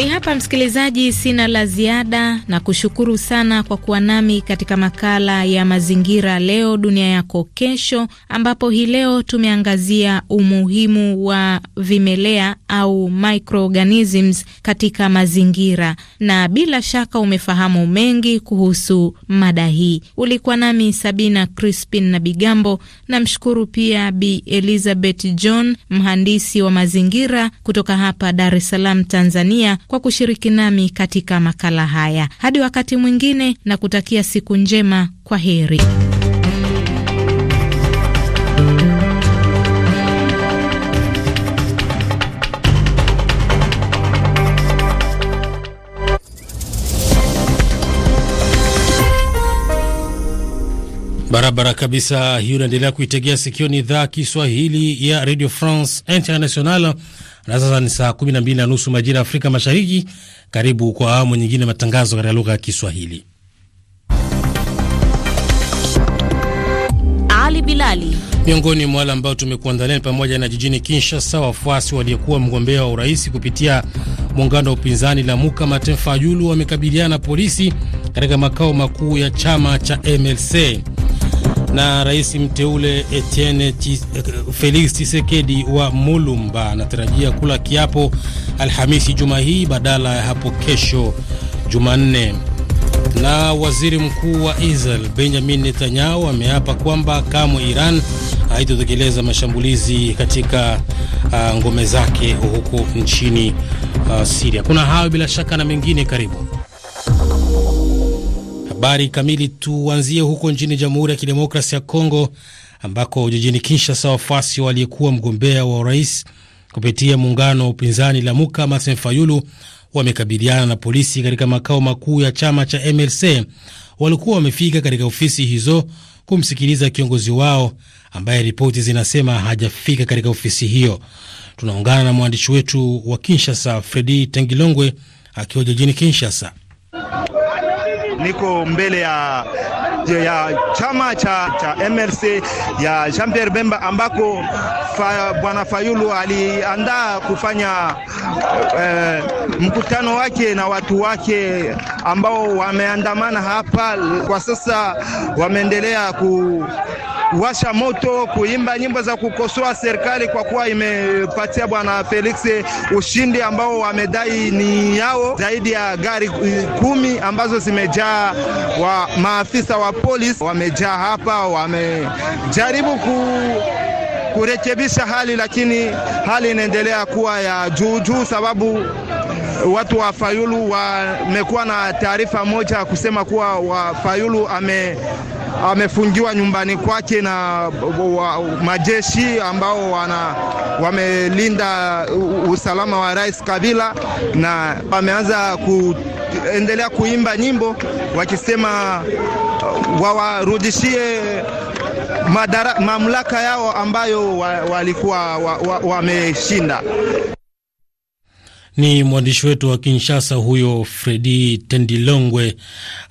Speaker 2: Hadi hapa msikilizaji, sina la ziada na kushukuru sana kwa kuwa nami katika makala ya mazingira leo dunia yako kesho, ambapo hii leo tumeangazia umuhimu wa vimelea au microorganisms katika mazingira, na bila shaka umefahamu mengi kuhusu mada hii. Ulikuwa nami Sabina Crispin na Bigambo. Namshukuru pia Bi Elizabeth John, mhandisi wa mazingira kutoka hapa Dar es Salaam, Tanzania kwa kushiriki nami katika makala haya. Hadi wakati mwingine, na kutakia siku njema. Kwa heri.
Speaker 1: Barabara kabisa hiyo, unaendelea kuitegea sikio, ni idhaa Kiswahili ya Radio France International na sasa ni saa 12 na nusu majira ya Afrika Mashariki. Karibu kwa awamu nyingine matangazo katika lugha ya Kiswahili.
Speaker 2: Ali Bilali.
Speaker 1: Miongoni mwa wale ambao tumekuandalia ni pamoja na jijini Kinshasa, wafuasi waliokuwa mgombea wa urais kupitia muungano wa upinzani Lamuka Martin Fayulu wamekabiliana na polisi katika makao makuu ya chama cha MLC na rais mteule Etienne Chis, Felix Tshisekedi wa Mulumba anatarajia kula kiapo Alhamisi juma hii badala ya hapo kesho Jumanne. Na waziri mkuu wa Israel Benjamin Netanyahu ameapa kwamba kamwe Iran haitotekeleza mashambulizi katika uh, ngome zake huko nchini uh, Syria. Kuna hayo bila shaka na mengine, karibu Habari kamili, tuanzie huko nchini Jamhuri ya Kidemokrasia ya Kongo ambako jijini Kinshasa wafuasi waliyekuwa mgombea wa urais kupitia muungano wa upinzani Lamuka Martin Fayulu wamekabiliana na polisi katika makao makuu ya chama cha MLC. Walikuwa wamefika katika ofisi hizo kumsikiliza kiongozi wao ambaye ripoti zinasema hajafika katika ofisi hiyo. Tunaungana na mwandishi wetu wa Kinshasa Fredi Tengilongwe akiwa jijini Kinshasa
Speaker 9: niko mbele ya, ya chama cha, cha MLC ya Jean Pierre Bemba ambako fa, bwana Fayulu aliandaa kufanya eh, mkutano wake na watu wake ambao wameandamana hapa kwa sasa, wameendelea ku kuwasha moto, kuimba nyimbo za kukosoa serikali kwa kuwa imepatia bwana Felix ushindi ambao wamedai ni yao, zaidi ya gari kumi ambazo zimejaa wa maafisa wa polisi wamejaa hapa, wamejaribu ku kurekebisha hali lakini hali inaendelea kuwa ya juu juu, sababu watu wa Fayulu wamekuwa na taarifa moja kusema kuwa wa Fayulu ame amefungiwa nyumbani kwake na majeshi ambao wana, wamelinda usalama wa Rais Kabila na wameanza kuendelea kuimba nyimbo wakisema uh, wawarudishie mamlaka yao ambayo walikuwa wa, wa, wameshinda.
Speaker 1: Ni mwandishi wetu wa Kinshasa huyo Fredi Tendilongwe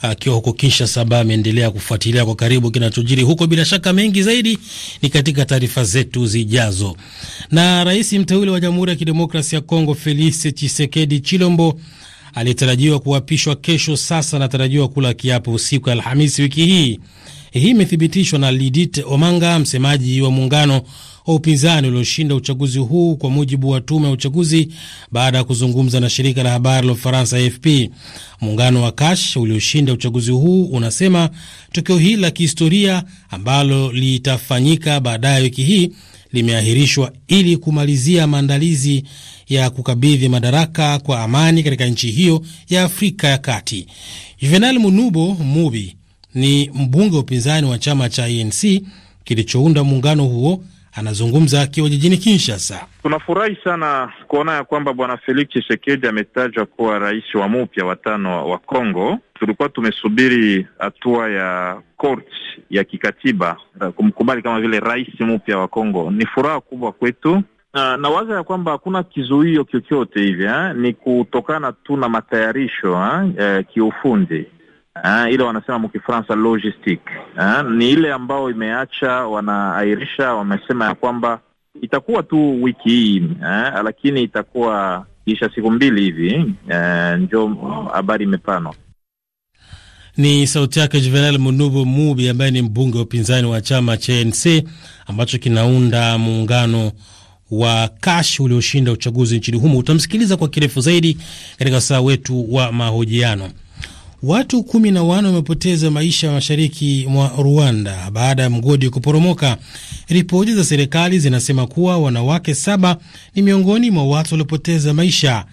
Speaker 1: akiwa huko Kinshasa, ambaye ameendelea kufuatilia kwa karibu kinachojiri huko. Bila shaka mengi zaidi ni katika taarifa zetu zijazo. Na rais mteule wa Jamhuri ya kidemokrasi ya Kongo Felise chisekedi Chilombo aliyetarajiwa kuapishwa kesho, sasa anatarajiwa kula kiapo usiku ya Alhamisi wiki hii. Hii imethibitishwa na Lidit Omanga, msemaji wa muungano wa upinzani ulioshinda uchaguzi huu kwa mujibu wa tume ya uchaguzi baada ya kuzungumza na shirika la habari la Ufaransa AFP. Muungano wa Kash ulioshinda uchaguzi huu unasema tukio hili la kihistoria ambalo litafanyika baadaye wiki hii limeahirishwa ili kumalizia maandalizi ya kukabidhi madaraka kwa amani katika nchi hiyo ya Afrika ya Kati. Juvenal Munubo Mubi ni mbunge wa upinzani wa chama cha ANC kilichounda muungano huo anazungumza akiwa jijini Kinshasa.
Speaker 3: Tunafurahi sana kuona ya kwamba bwana Felix chisekedi ametajwa kuwa rais wa mupya watano wa Kongo. Tulikuwa tumesubiri hatua ya korti ya kikatiba eh, kumkubali kama vile rais mpya wa Kongo. Ni furaha kubwa kwetu na, na waza ya kwamba hakuna kizuio chochote hivi, eh, ni kutokana tu na matayarisho eh, eh kiufundi Uh, ile wanasema mkifransa logistic uh, ah, ni ile ambao imeacha wanaairisha, wamesema ya kwamba itakuwa tu wiki hii uh, lakini itakuwa kisha siku mbili hivi uh, njo habari imepanwa.
Speaker 1: Ni sauti yake Juvenal Munubu Mubi ambaye ni mbunge wa upinzani wa chama cha ANC ambacho kinaunda muungano wa Kash ulioshinda uchaguzi nchini humo. Utamsikiliza kwa kirefu zaidi katika saa wetu wa mahojiano. Watu kumi na wanne wamepoteza maisha mashariki mwa Rwanda baada ya mgodi kuporomoka. Ripoti za serikali zinasema kuwa wanawake saba ni miongoni mwa watu waliopoteza maisha.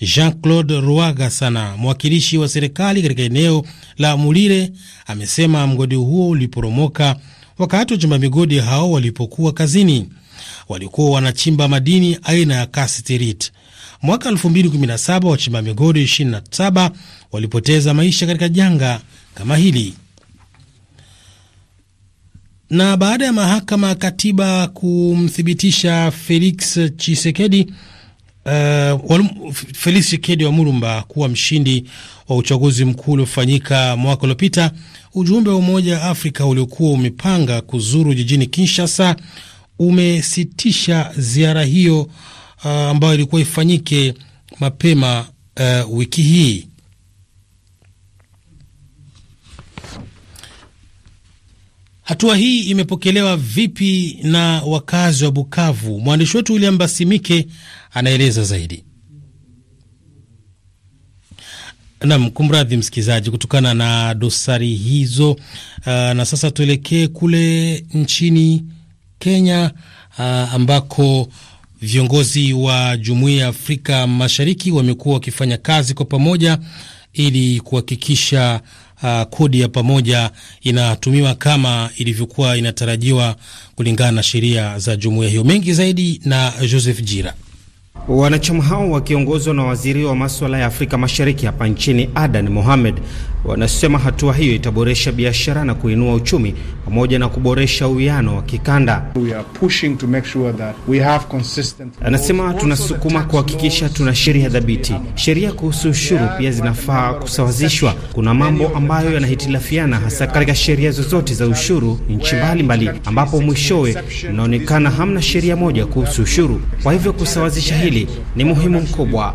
Speaker 1: Jean-Claude Rwagasana, mwakilishi wa serikali katika eneo la Mulire, amesema mgodi huo uliporomoka wakati wachimba migodi hao walipokuwa kazini. Walikuwa wanachimba madini aina ya kasiterite. Mwaka 2017 wachimba migodi 27 walipoteza maisha katika janga kama hili. Na baada ya mahakama katiba kumthibitisha Felix Chisekedi Uh, Felix Tshisekedi wa Murumba kuwa mshindi wa uchaguzi mkuu uliofanyika mwaka uliopita, ujumbe wa Umoja wa Afrika uliokuwa umepanga kuzuru jijini Kinshasa umesitisha ziara hiyo Uh, ambayo ilikuwa ifanyike mapema uh, wiki hii. Hatua hii imepokelewa vipi na wakazi wa Bukavu? Mwandishi wetu William Basimike anaeleza zaidi. Nam, kumradhi msikilizaji, kutokana na dosari hizo. Uh, na sasa tuelekee kule nchini Kenya uh, ambako Viongozi wa Jumuiya ya Afrika Mashariki wamekuwa wakifanya kazi kwa pamoja ili kuhakikisha uh, kodi ya pamoja inatumiwa kama ilivyokuwa inatarajiwa kulingana na sheria za jumuiya hiyo. Mengi zaidi na Joseph Jira.
Speaker 10: Wanachama hao wakiongozwa na waziri wa maswala ya Afrika Mashariki hapa nchini Adan Mohamed Wanasema hatua hiyo itaboresha biashara na kuinua uchumi pamoja na kuboresha uwiano wa kikanda. Anasema tunasukuma kuhakikisha tuna sheria dhabiti. Sheria kuhusu ushuru pia zinafaa kusawazishwa. Kuna mambo ambayo yanahitilafiana, hasa katika sheria zozote za ushuru nchi mbalimbali, ambapo mwishowe inaonekana hamna sheria moja kuhusu ushuru. Kwa hivyo kusawazisha hili ni muhimu mkubwa.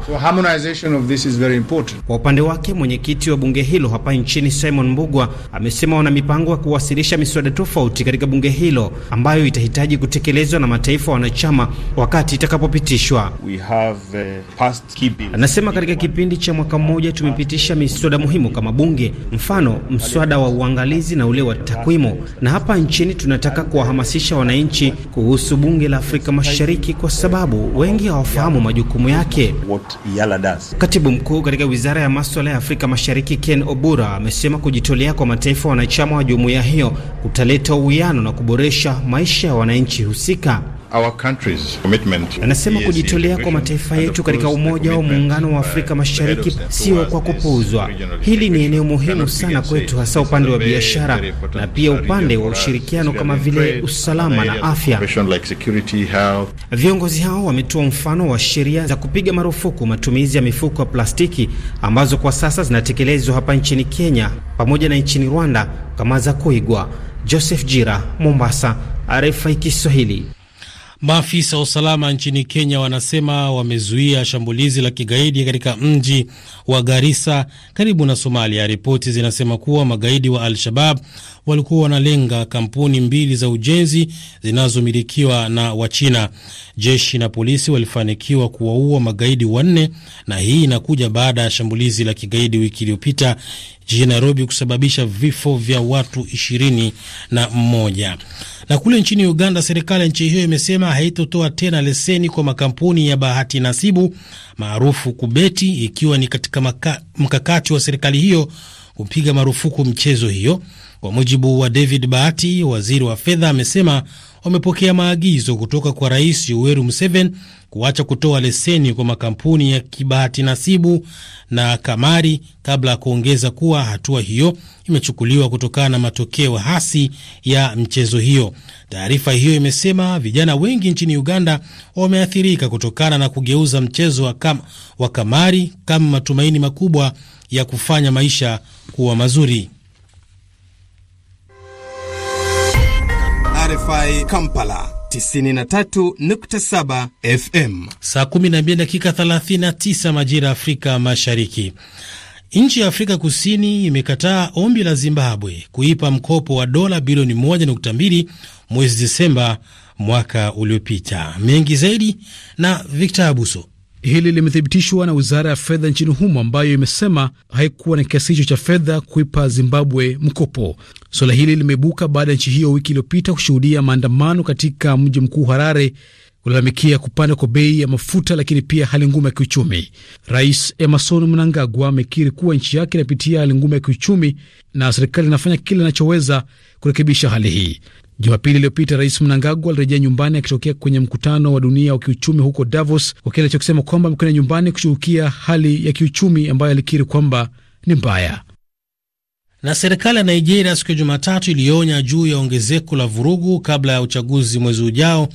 Speaker 10: Kwa upande wake mwenyekiti wa bunge hilo hapa nchini Simon Mbugwa amesema wana mipango ya kuwasilisha miswada tofauti katika bunge hilo ambayo itahitaji kutekelezwa na mataifa wanachama wakati itakapopitishwa. Uh, Anasema katika kipindi cha mwaka mmoja tumepitisha miswada muhimu kama bunge, mfano mswada wa uangalizi na ule wa takwimu, na hapa nchini tunataka kuwahamasisha wananchi kuhusu bunge la Afrika Mashariki kwa sababu wengi hawafahamu majukumu yake. Katibu mkuu katika wizara ya maswala ya Afrika Mashariki Ken Obu Mabura amesema kujitolea kwa mataifa wanachama wa jumuiya hiyo kutaleta uwiano na kuboresha maisha ya wananchi husika.
Speaker 5: Our country's commitment.
Speaker 10: Anasema kujitolea kwa mataifa yetu katika Umoja wa Muungano wa uh, Afrika Mashariki sio kwa kupuuzwa. Hili ni eneo muhimu sana kwetu, hasa upande wa biashara na pia upande wa ushirikiano kama vile usalama na afya. Viongozi hao wametoa mfano wa sheria za kupiga marufuku matumizi ya mifuko ya plastiki ambazo kwa sasa zinatekelezwa hapa nchini Kenya pamoja na nchini Rwanda kama za kuigwa. Joseph Jira, Mombasa,
Speaker 1: RFI Kiswahili. Maafisa wa usalama nchini Kenya wanasema wamezuia shambulizi la kigaidi katika mji wa Garissa karibu na Somalia. Ripoti zinasema kuwa magaidi wa Al-Shabab walikuwa wanalenga kampuni mbili za ujenzi zinazomilikiwa na Wachina. Jeshi na polisi walifanikiwa kuwaua magaidi wanne, na hii inakuja baada ya shambulizi la kigaidi wiki iliyopita jijini Nairobi kusababisha vifo vya watu ishirini na mmoja. Na kule nchini Uganda, serikali ya nchi hiyo imesema haitotoa tena leseni kwa makampuni ya bahati nasibu maarufu kubeti, ikiwa ni katika maka, mkakati wa serikali hiyo kupiga marufuku mchezo hiyo kwa mujibu wa David Bahati, waziri wa fedha, amesema wamepokea maagizo kutoka kwa Rais Yoweri Museveni kuacha kutoa leseni kwa makampuni ya kibahati nasibu na kamari, kabla ya kuongeza kuwa hatua hiyo imechukuliwa kutokana na matokeo hasi ya mchezo hiyo. Taarifa hiyo imesema vijana wengi nchini Uganda wameathirika kutokana na kugeuza mchezo wa, kam, wa kamari kama matumaini makubwa ya kufanya maisha kuwa mazuri.
Speaker 10: RFI Kampala
Speaker 1: 93.7 FM. Saa 12 dakika 39 majira ya Afrika Mashariki. Nchi ya Afrika Kusini imekataa ombi la Zimbabwe kuipa mkopo wa dola bilioni 1.2 mwezi disemba mwaka uliopita. Mengi zaidi na Victor Abuso. Hili limethibitishwa na wizara ya fedha nchini humo ambayo imesema haikuwa na kiasi hicho cha fedha kuipa Zimbabwe mkopo. Suala hili limebuka baada ya nchi hiyo wiki iliyopita kushuhudia maandamano katika mji mkuu Harare kulalamikia kupanda kwa bei ya mafuta, lakini pia hali ngumu ya kiuchumi. Rais Emerson Mnangagwa amekiri kuwa nchi yake inapitia hali ngumu ya kiuchumi na serikali inafanya kile inachoweza kurekebisha hali hii. Jumapili iliyopita Rais Mnangagwa alirejea nyumbani akitokea kwenye mkutano wa dunia wa kiuchumi huko Davos kwa kile alichokisema kwamba amekwenda nyumbani kushughulikia hali ya kiuchumi ambayo alikiri kwamba ni mbaya. Na serikali ya Nigeria siku ya Jumatatu ilionya juu ya ongezeko la vurugu kabla ya uchaguzi mwezi ujao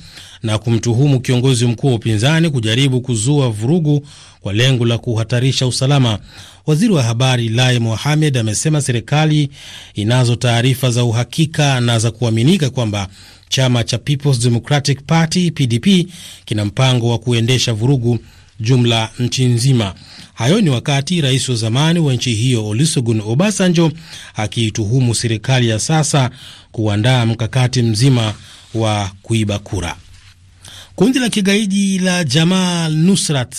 Speaker 1: na kumtuhumu kiongozi mkuu wa upinzani kujaribu kuzua vurugu kwa lengo la kuhatarisha usalama. Waziri wa habari Lai Mohamed amesema serikali inazo taarifa za uhakika na za kuaminika kwamba chama cha Peoples Democratic Party PDP kina mpango wa kuendesha vurugu jumla nchi nzima. Hayo ni wakati rais wa zamani wa nchi hiyo Olusegun Obasanjo akiituhumu serikali ya sasa kuandaa mkakati mzima wa kuiba kura. Kundi la kigaidi la Jamaa Nusrat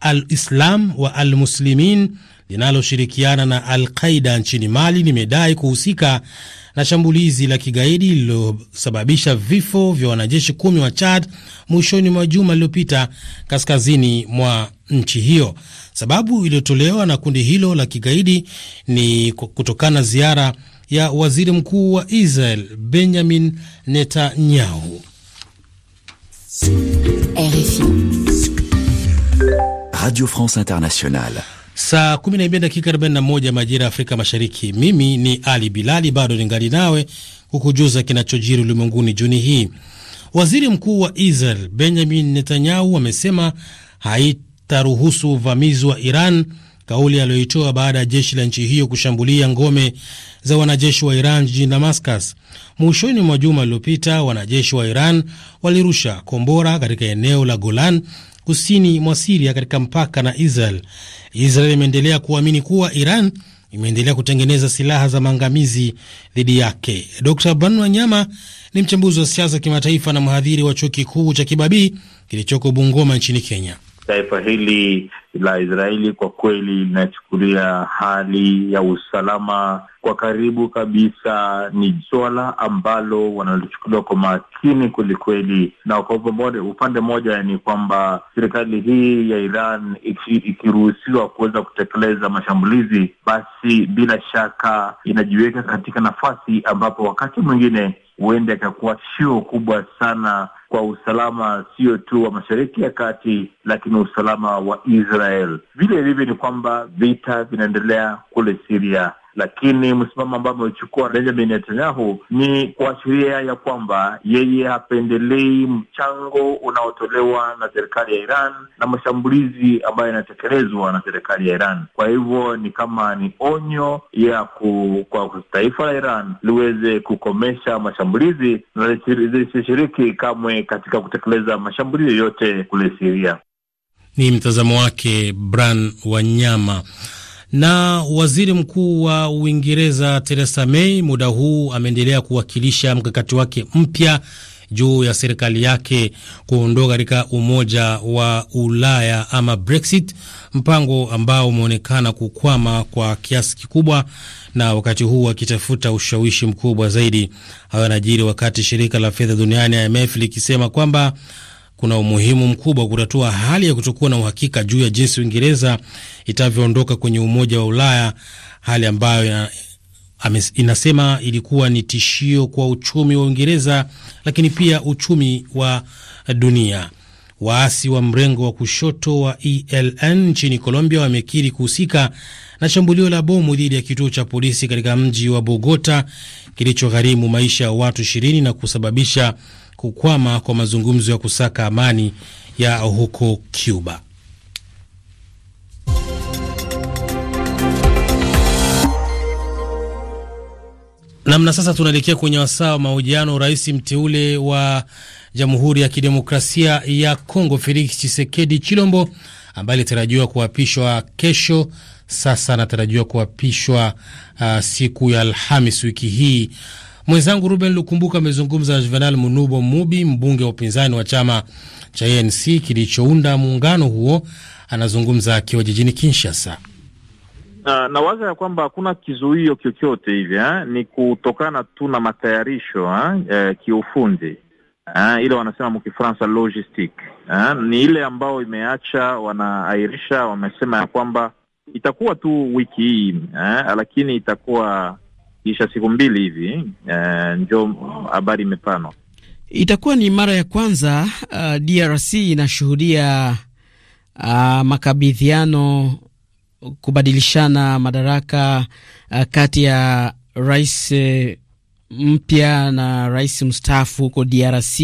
Speaker 1: al-Islam wa al-Muslimin linaloshirikiana na Al-Qaida nchini Mali limedai kuhusika na shambulizi la kigaidi lililosababisha vifo vya wanajeshi kumi wa Chad mwishoni mwa juma lililopita kaskazini mwa nchi hiyo. Sababu iliyotolewa na kundi hilo la kigaidi ni kutokana ziara ya waziri mkuu wa Israel Benjamin Netanyahu. RFI
Speaker 11: Radio France Internationale.
Speaker 1: Saa 12 dakika 41 majira ya Afrika Mashariki. Mimi ni Ali Bilali, bado ningali nawe kukujuza kinachojiri ulimwenguni juni hii. Waziri mkuu wa Israel Benjamin Netanyahu amesema hait hataruhusu uvamizi wa Iran, kauli aliyoitoa baada ya jeshi la nchi hiyo kushambulia ngome za wanajeshi wa Iran jijini Damascus. Mwishoni mwa juma lililopita, wanajeshi wa Iran walirusha kombora katika eneo la Golan kusini mwa Siria katika mpaka na Israel. Israel imeendelea kuamini kuwa Iran imeendelea kutengeneza silaha za maangamizi dhidi yake. Dr Ban Wanyama ni mchambuzi wa siasa kimataifa na mhadhiri wa chuo kikuu cha Kibabii kilichoko Bungoma nchini Kenya
Speaker 3: taifa hili la Israeli kwa kweli linachukulia hali ya usalama kwa karibu kabisa. Ni swala ambalo wanalichukuliwa kwa makini kwelikweli, na kwa upande mmoja ni kwamba serikali hii ya Iran ikiruhusiwa iki kuweza kutekeleza mashambulizi, basi bila shaka inajiweka katika nafasi ambapo wakati mwingine huenda ikakuwa shio kubwa sana kwa usalama sio tu wa Mashariki ya Kati, lakini usalama wa Israel. Vile ilivyo ni kwamba vita vinaendelea kule Siria lakini msimamo ambao amechukua Benjamin Netanyahu ni kuashiria ya kwamba yeye hapendelei mchango unaotolewa na serikali ya Iran na mashambulizi ambayo yanatekelezwa na serikali ya Iran. Kwa hivyo ni kama ni onyo ya ku, kwa taifa la Iran liweze kukomesha mashambulizi na lisishiriki kamwe katika kutekeleza mashambulizi yoyote kule Siria.
Speaker 1: Ni mtazamo wake Bran Wanyama. Na waziri mkuu wa Uingereza Theresa May muda huu ameendelea kuwakilisha mkakati wake mpya juu ya serikali yake kuondoka katika Umoja wa Ulaya ama Brexit, mpango ambao umeonekana kukwama kwa kiasi kikubwa, na wakati huu akitafuta ushawishi mkubwa zaidi. Hayo yanajiri wakati shirika la fedha duniani IMF likisema kwamba kuna umuhimu mkubwa wa kutatua hali ya kutokuwa na uhakika juu ya jinsi Uingereza itavyoondoka kwenye Umoja wa Ulaya, hali ambayo ina, inasema ilikuwa ni tishio kwa uchumi wa Uingereza, lakini pia uchumi wa dunia. Waasi wa mrengo wa kushoto wa ELN nchini Colombia wamekiri kuhusika na shambulio la bomu dhidi ya kituo cha polisi katika mji wa Bogota kilichogharimu maisha ya watu 20 na kusababisha kukwama kwa mazungumzo ya kusaka amani ya huko Cuba. Namna sasa, tunaelekea kwenye wasaa wa mahojiano. Rais mteule wa Jamhuri ya Kidemokrasia ya Kongo Felix Tshisekedi Chilombo, ambaye alitarajiwa kuapishwa kesho, sasa anatarajiwa kuapishwa uh, siku ya Alhamis wiki hii Mwenzangu Ruben Lukumbuka amezungumza na Juvenal Munubo Mubi, mbunge wa upinzani wa chama cha ANC kilichounda muungano huo. Anazungumza akiwa jijini Kinshasa.
Speaker 3: Na, na waza ya kwamba hakuna kizuio chochote hivi eh? Ni kutokana tu na matayarisho eh, kiufundi ha? ile wanasema mkifransa logistic eh, ni ile ambayo imeacha wanaairisha, wamesema ya kwamba itakuwa tu wiki hii eh, lakini itakuwa kisha siku mbili hivi uh, eh, njo habari imepanwa.
Speaker 6: Itakuwa ni mara ya kwanza uh, DRC inashuhudia uh, makabidhiano kubadilishana madaraka uh, kati ya rais eh, mpya na rais mstaafu huko DRC.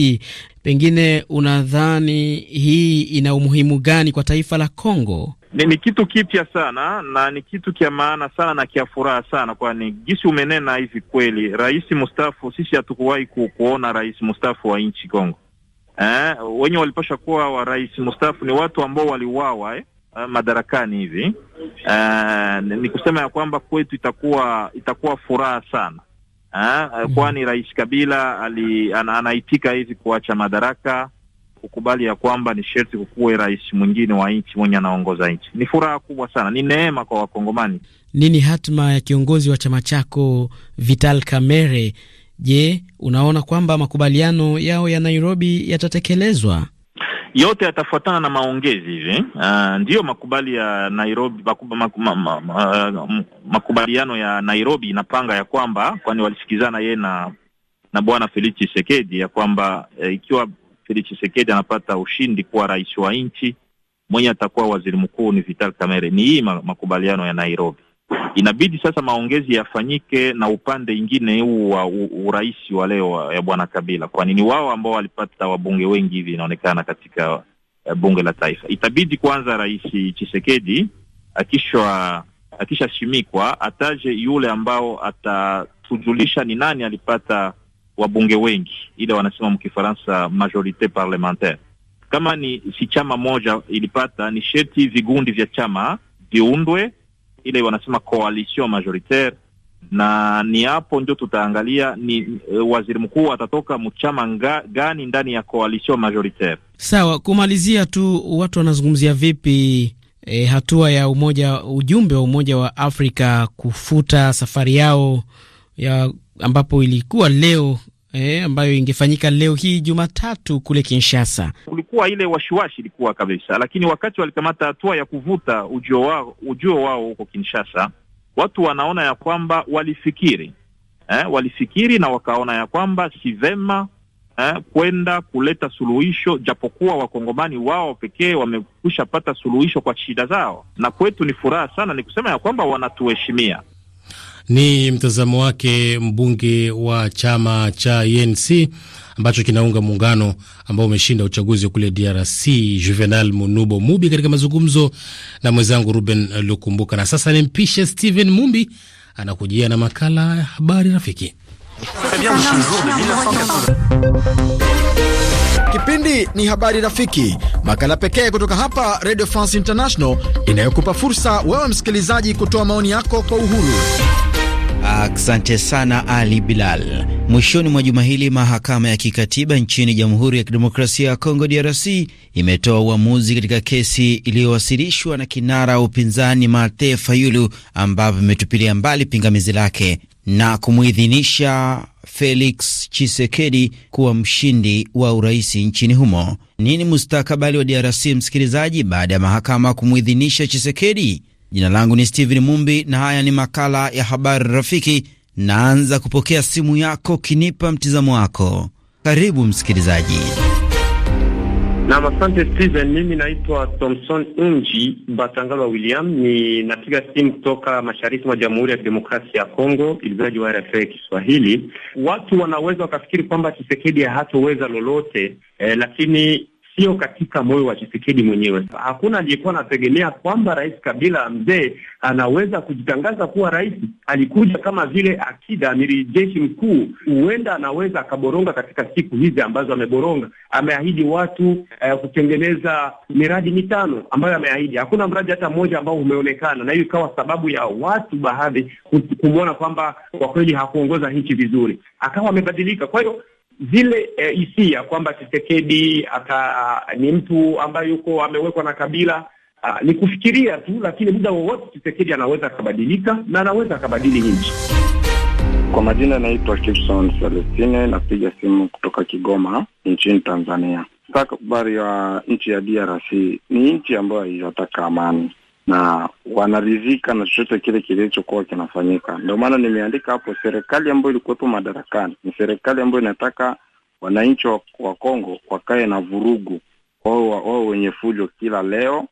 Speaker 6: Pengine unadhani hii ina umuhimu gani kwa taifa la Kongo?
Speaker 3: ni, ni kitu kipya sana na ni kitu kya maana sana na kya furaha sana, kwani gisi umenena hivi kweli, rais mustafu sisi hatukuwahi ku, kuona rais mustafu wa nchi Kongo eh, wenye walipasha kuwa wa rais mustafu ni watu ambao waliuawa eh, madarakani hivi eh, ni kusema ya kwamba kwetu itakuwa itakuwa furaha sana eh, kwani mm-hmm. rais Kabila ali, anaitika hivi kuacha madaraka kukubali ya kwamba ni sherti kukuwe rais mwingine wa nchi mwenye anaongoza nchi. Ni furaha kubwa sana, ni neema kwa Wakongomani.
Speaker 6: Nini hatma ya kiongozi wa chama chako Vital Kamerhe? Je, unaona kwamba makubaliano yao ya Nairobi yatatekelezwa?
Speaker 3: Yote yatafuatana na maongezi hivi. Uh, ndiyo makubali ya Nairobi makuba, ma, ma, ma, ma, makubaliano ya Nairobi inapanga ya kwamba, kwani walisikizana yeye na na bwana Felix Tshisekedi ya kwamba eh, ikiwa Felix Tshisekedi anapata ushindi kuwa rais wa nchi, mwenye atakuwa waziri mkuu ni Vital Kamerhe. Ni hii makubaliano ya Nairobi. Inabidi sasa maongezi yafanyike na upande ingine huu wa urais wa leo eh, ya bwana Kabila, kwani ni wao ambao walipata wabunge wengi hivi inaonekana katika eh, bunge la taifa. Itabidi kwanza rais chisekedi akishwa akishashimikwa ataje yule ambao atatujulisha ni nani alipata wabunge wengi, ila wanasema mkifaransa majorite parlementaire. Kama ni si chama moja ilipata, ni sheti vigundi vya chama viundwe, ile wanasema coalition majoritaire, na ni hapo ndio tutaangalia ni eh, waziri mkuu atatoka mchama nga, gani ndani ya coalition majoritaire.
Speaker 6: Sawa, kumalizia tu, watu wanazungumzia vipi e, hatua ya umoja ujumbe wa Umoja wa Afrika kufuta safari yao ya ambapo ilikuwa leo eh, ambayo ingefanyika leo hii Jumatatu kule Kinshasa.
Speaker 3: Kulikuwa ile washiwashi ilikuwa kabisa, lakini wakati walikamata hatua ya kuvuta ujio wao ujio wao huko Kinshasa, watu wanaona ya kwamba walifikiri eh, walifikiri na wakaona ya kwamba si vema eh, kwenda kuleta suluhisho, japokuwa wakongomani wao pekee wamekushapata pata suluhisho kwa shida zao, na kwetu ni furaha sana, ni kusema ya kwamba wanatuheshimia
Speaker 1: ni mtazamo wake mbunge wa chama cha UNC e ambacho kinaunga muungano ambao umeshinda uchaguzi kule DRC, Juvenal Munubo Mubi, katika mazungumzo na mwenzangu Ruben Lukumbuka. Na sasa nimpishe Steven Mumbi anakujia na makala ya habari rafiki. Kipindi ni Habari Rafiki, makala pekee kutoka hapa Radio France International inayokupa fursa wewe msikilizaji kutoa maoni yako kwa uhuru.
Speaker 11: Asante sana Ali Bilal. Mwishoni mwa juma hili mahakama ya kikatiba nchini Jamhuri ya Kidemokrasia ya Kongo DRC imetoa uamuzi katika kesi iliyowasilishwa na kinara wa upinzani Martin Fayulu, ambapo imetupilia mbali pingamizi lake na kumwidhinisha Felix Chisekedi kuwa mshindi wa urais nchini humo. Nini mustakabali wa DRC, msikilizaji, baada ya mahakama kumwidhinisha Chisekedi? Jina langu ni Steven Mumbi na haya ni makala ya habari rafiki. Naanza kupokea simu yako kinipa mtizamo wako. Karibu msikilizaji.
Speaker 3: Na asante Steven. Mimi naitwa Thomson Unji Batangalwa William, ni napiga simu kutoka mashariki mwa Jamhuri ya Kidemokrasia ya Kongo, ilizaji wa RFA Kiswahili. Watu wanaweza wakafikiri kwamba Tshisekedi hatoweza lolote eh, lakini sio katika moyo wa Chisekedi mwenyewe. Hakuna aliyekuwa anategemea kwamba Rais Kabila mzee anaweza kujitangaza kuwa rais. Alikuja kama vile akida, amiri jeshi mkuu, huenda anaweza akaboronga katika siku hizi ambazo ameboronga. Ameahidi watu eh, kutengeneza miradi mitano ambayo ameahidi. Hakuna mradi hata mmoja ambao umeonekana, na hiyo ikawa sababu ya watu baadhi kumwona kwamba kwa kweli hakuongoza nchi vizuri, akawa amebadilika. Kwa hiyo zile eh, hisia eh, kwamba Tshisekedi ata ah, ni mtu ambaye yuko amewekwa na Kabila ah, ni kufikiria tu, lakini muda wowote Tshisekedi anaweza akabadilika na anaweza akabadili nchi. Kwa majina naitwa Kipson Celestine, napiga simu kutoka Kigoma nchini Tanzania. Stakbari ya nchi ya DRC ni nchi ambayo haijataka amani na wanaridhika na chochote kile kilichokuwa kinafanyika. Ndio maana nimeandika hapo, serikali ambayo ilikuwepo madarakani ni serikali ambayo inataka wananchi wa, Kongo wakae na vurugu, wao wenye fujo kila leo.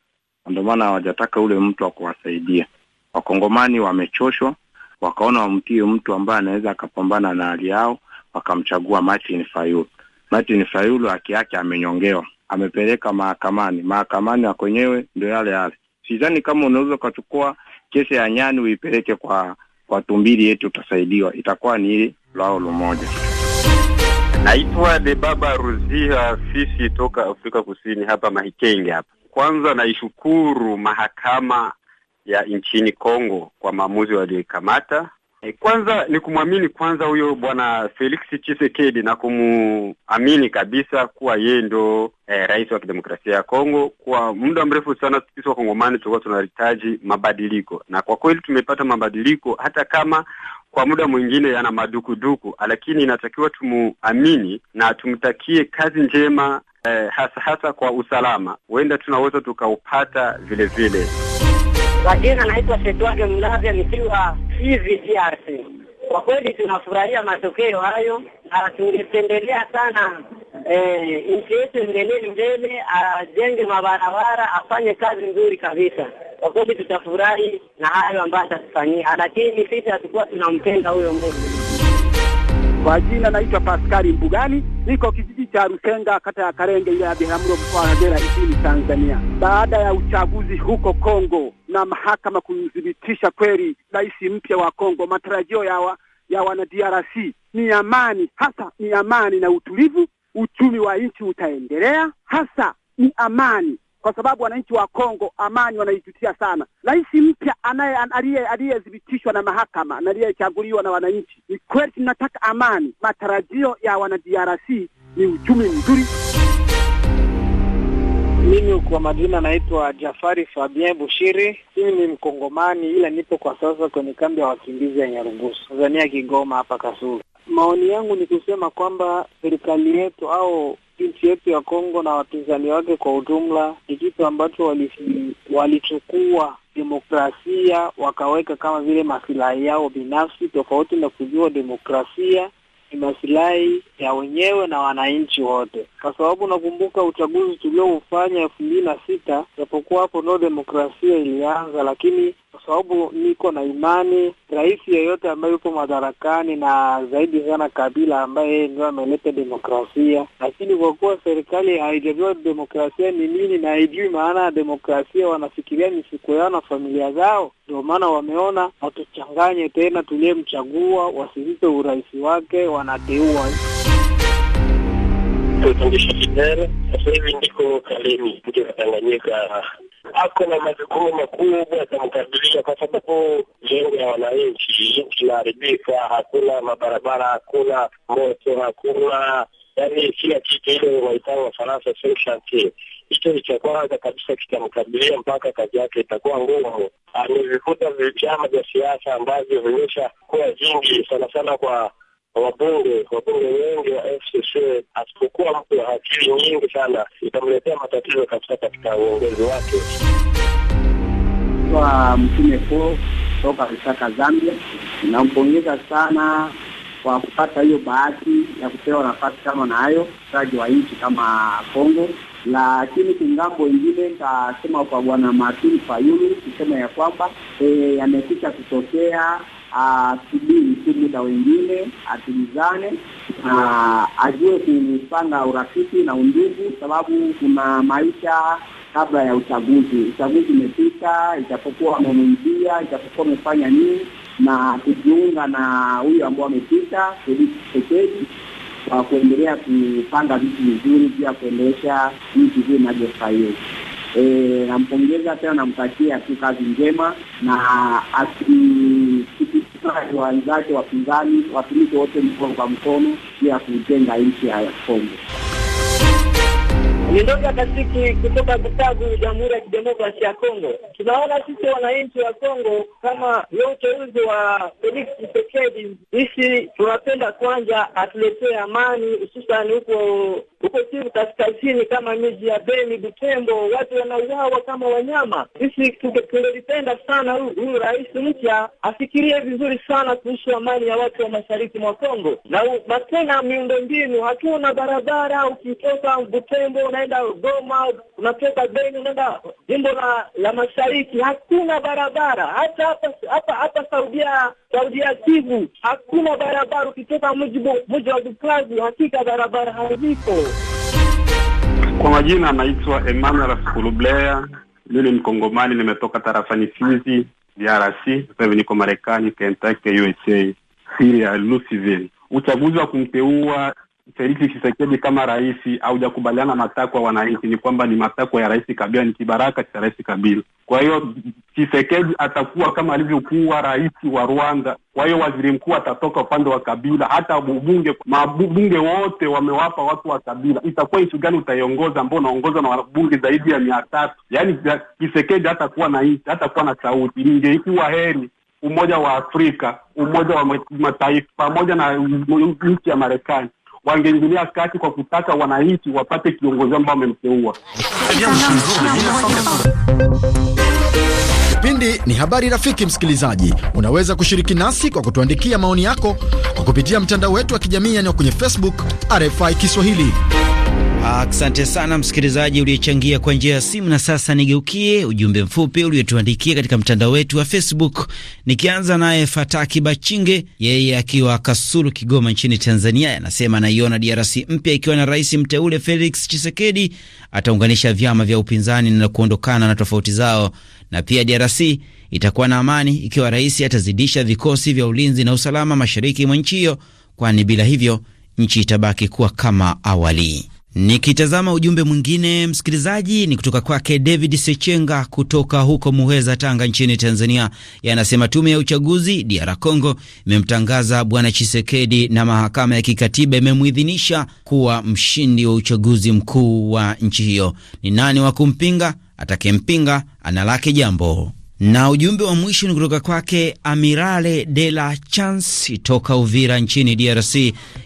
Speaker 3: Ndio maana hawajataka ule mtu wa kuwasaidia. Wakongomani wamechoshwa, wakaona wamtie mtu ambaye anaweza akapambana na hali yao, wakamchagua Martin Fayulu. Martin Fayulu haki yake amenyongewa, amepeleka mahakamani. Mahakamani ya kwenyewe ndio yale yale sidhani kama unaweza ukachukua kesi ya nyani uipeleke kwa kwa tumbili yetu, utasaidiwa, itakuwa ni ile lao lumoja. Naitwa Debaba Ruzia Fisi toka Afrika Kusini, hapa Mahikenge hapa. Kwanza naishukuru mahakama ya nchini Kongo kwa maamuzi walioikamata Eh, kwanza ni kumwamini kwanza huyo bwana Felix Tshisekedi na kumuamini kabisa kuwa yeye ndo eh, rais wa kidemokrasia ya Kongo. Kwa muda mrefu sana sisi Wakongomani tulikuwa tunahitaji mabadiliko, na kwa kweli tumepata mabadiliko, hata kama kwa muda mwingine yana madukuduku, lakini inatakiwa tumuamini na tumtakie kazi njema eh, hasa hasa kwa usalama, huenda tunaweza tukaupata vile vile.
Speaker 7: Kwa jina naitwa Setwage Mlavya nikiwa hivi
Speaker 8: DRC. Kwa kweli tunafurahia matokeo hayo na tungependelea sana eh, nchi yetu endelee mbele, ajenge mabarabara, afanye
Speaker 7: kazi nzuri kabisa. Kwa kweli tutafurahi na hayo ambayo atatufanyia, lakini sisi hatukuwa tunampenda huyo Mungu. Kwa jina naitwa Paskari Mbugani, niko kijiji cha Rusenga, kata ya Karenge, ile ya Biharamulo, mkoa wa Kagera, nchini Tanzania. Baada ya uchaguzi huko Kongo na mahakama kuthibitisha kweli rais mpya wa Kongo, matarajio ya wa, ya wana DRC ni amani, hasa ni amani na utulivu. Uchumi wa nchi utaendelea, hasa ni amani kwa sababu wananchi wa Kongo amani wanaijutia sana. Rais mpya anaye aliyethibitishwa na mahakama na aliyechaguliwa na wananchi, ni kweli tunataka amani. Matarajio ya wana DRC ni uchumi mzuri. Mimi kwa majina naitwa Jafari Fabien Bushiri. Mimi ni Mkongomani, ila nipo kwa sasa kwenye kambi ya wakimbizi ya Nyarugusu, Tanzania, Kigoma hapa Kasulu. Maoni yangu ni kusema kwamba serikali yetu au nchi yetu ya Kongo na wapinzani wake kwa ujumla ni kitu ambacho walichukua demokrasia wakaweka kama vile masilahi yao binafsi, tofauti na kujua demokrasia ni masilahi ya wenyewe na wananchi wote, kwa sababu nakumbuka uchaguzi tulioufanya elfu mbili na sita japokuwa hapo ndo demokrasia ilianza, lakini kwa sababu niko na imani rais yeyote ambaye yupo madarakani na zaidi sana Kabila ambaye yeye ndio ameleta demokrasia, lakini kwa kuwa serikali haijajua demokrasia ni nini na haijui maana ya demokrasia, wanafikiria mifuko yao na familia zao, ndio maana wameona watuchanganye tena, tuliyemchagua wasizipe urais wake, wanateua sasa hivi niko Kalemi mji wa Tanganyika ako na majukumu makubwa yatamkabilia, kwa sababu lengo ya wananchi, nchi inaharibika, hakuna mabarabara, hakuna moto, hakuna yaani kila kitu, ile waitao Wafaransa Hicho ni cha kwanza kabisa, kitamkabilia mpaka kazi yake itakuwa ngumu. amevikuta ah, vyama vya siasa ambavyo vionyesha kuwa vingi sana sana kwa wabunge wabunge wengi wa FCC asipokuwa mtu wa akili nyingi sana, itamletea matatizo kabisa katika uongozi wake. Kwa mtume po toka Lusaka, Zambia, inampongeza sana kwa kupata hiyo bahati ya kupewa nafasi kama nayo taji wa nchi kama Kongo. Lakini kingambo ingine tasema kwa bwana Martin Fayulu kusema ya kwamba yamekisha eh, kutokea asubiri shughuli za wengine, atulizane na ajue kupanga urafiki na undugu, sababu kuna maisha kabla ya uchaguzi. Uchaguzi umepita, itapokuwa amemwingia, itapokuwa amefanya nini, na kujiunga na huyo ambao amepita Felix Tshisekedi kwa kuendelea kupanga vitu vizuri, pia kuendesha nchi hii inavyostahili. Eh, nampongeza tena, namtakia tu kazi njema na asi na wenzake wapinzani, watumike wote mkono kwa mkono, pia kujenga nchi ya Kongo. Niondoka Kasiki kutoka Bukavu, Jamhuri ya Kidemokrasia ya Kongo. Tunaona sisi wananchi wa Kongo kama uteuzi wa Felix Tshisekedi, sisi tunapenda kwanza atuletee amani, hususani huko huko Kivu Kaskazini, kama miji ya Beni, Butembo, watu wanauawa kama wanyama. Sisi tungelipenda sana huyu rais mpya afikirie vizuri sana kuhusu amani ya watu wa mashariki mwa Kongo na matena miundombinu. Hatuna barabara, ukitoka Butembo unaenda Goma, unatoka Beni unaenda jimbo la, la mashariki, hakuna barabara. Hata hapa hapa hapa Saudia Saudia Kivu hakuna barabara, ukitoka mji wa Bukavu hakika barabara haziko.
Speaker 3: Kwa majina anaitwa Emmanuel Askulublea. Mi ni Mkongomani, nimetoka tarafani Fizi, DRC. Sasa hivi niko Marekani, Kentucky, USA. Syria Uchaguzi wa kumteua Feliki kisekedi kama rais haujakubaliana matakwa ya wananchi, ni kwamba ni matakwa ya rais Kabila, ni kibaraka cha rais Kabila. Kwa hiyo kisekedi atakuwa kama alivyokuwa rais wa Rwanda. Kwa hiyo waziri mkuu atatoka upande wa Kabila, hata bunge, mabunge wote wamewapa watu wa Kabila. Itakuwa nchi gani utaiongoza ambao unaongoza na wabunge zaidi ya mia tatu? Yaani Tshisekedi hatakuwa na nchi, hatakuwa na sauti. Ingekuwa heri Umoja wa Afrika, Umoja wa Mataifa pamoja na nchi ya Marekani wangeingilia kati kwa kutaka wananchi wapate kiongozi ambao wamemteua.
Speaker 1: Kipindi ni habari rafiki. Msikilizaji, unaweza kushiriki nasi kwa kutuandikia maoni yako kwa kupitia mtandao wetu wa kijamii, yaani kwenye Facebook RFI Kiswahili.
Speaker 11: Asante sana msikilizaji uliyechangia kwa njia ya simu. Na sasa nigeukie ujumbe mfupi uliotuandikia katika mtandao wetu wa Facebook, nikianza naye Fataki Bachinge, yeye akiwa Kasulu, Kigoma nchini Tanzania. Anasema anaiona DRC mpya ikiwa na rais mteule Felix chisekedi ataunganisha vyama vya upinzani na kuondokana na tofauti zao, na pia DRC itakuwa na amani ikiwa rais atazidisha vikosi vya ulinzi na usalama mashariki mwa nchi hiyo, kwani bila hivyo nchi itabaki kuwa kama awali. Nikitazama ujumbe mwingine msikilizaji, ni kutoka kwake David Sechenga kutoka huko Muheza, Tanga nchini Tanzania. Yanasema tume ya uchaguzi DR Congo imemtangaza Bwana Chisekedi na mahakama ya kikatiba imemwidhinisha kuwa mshindi wa uchaguzi mkuu wa nchi hiyo. Ni nani wa kumpinga? Atakempinga analake jambo. Na ujumbe wa mwisho ni kutoka kwake Amirale de la Chance toka Uvira nchini DRC.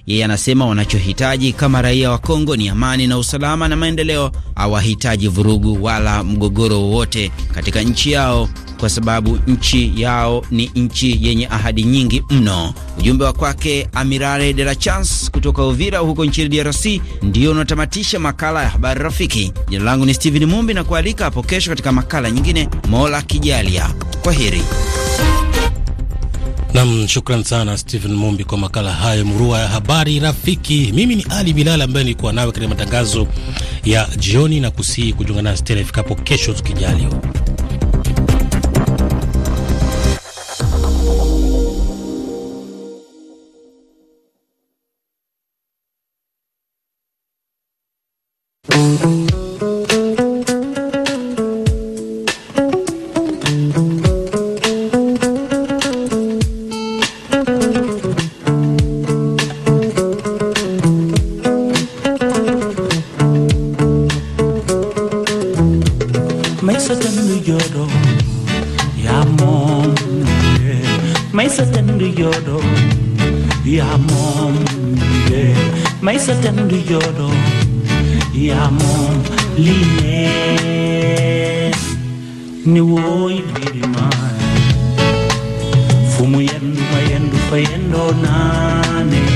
Speaker 11: Yeye anasema wanachohitaji kama raia wa Kongo ni amani na usalama na maendeleo, hawahitaji vurugu wala mgogoro wowote katika nchi yao, kwa sababu nchi yao ni nchi yenye ahadi nyingi mno. Ujumbe wa kwake Amirale de la Chance kutoka Uvira huko nchini DRC ndio unatamatisha makala ya habari rafiki. Jina langu ni Steven Mumbi na kualika hapo kesho katika makala nyingine. Mola kija Kijalia. Kwa heri.
Speaker 1: Nam, shukran sana Stephen Mumbi kwa makala hayo murua ya habari rafiki. Mimi ni Ali Bilal ambaye nilikuwa nawe katika matangazo ya jioni, na kusihi kujiunga nasi tena ifikapo kesho tukijaliwa.
Speaker 11: sa dënd yodo yaa moom may sa dënd
Speaker 1: joodoo yaa moom may sa dënd joodoo yaa moom lii nee ni wooy birima fu mu yendu ma
Speaker 11: yendu fa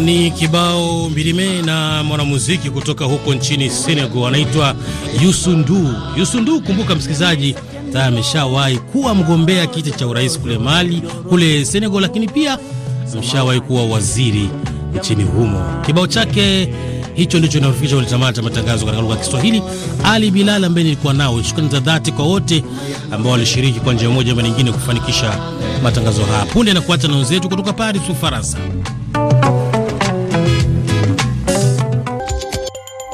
Speaker 1: ni kibao milime na mwanamuziki kutoka huko nchini Senegal anaitwa Yusundu. Yusundu, kumbuka msikilizaji, tayari ameshawahi kuwa mgombea kiti cha urais kule Mali, kule Senegal, lakini pia ameshawahi kuwa waziri nchini humo. Kibao chake hicho ndicho kinafikisha ulitamata matangazo katika lugha ya Kiswahili. Ali Bilal ambaye nilikuwa nao, shukrani za dhati kwa wote ambao walishiriki kwa njia moja ama nyingine kufanikisha matangazo haya. Punde na kuacha na wenzetu kutoka Paris, Ufaransa.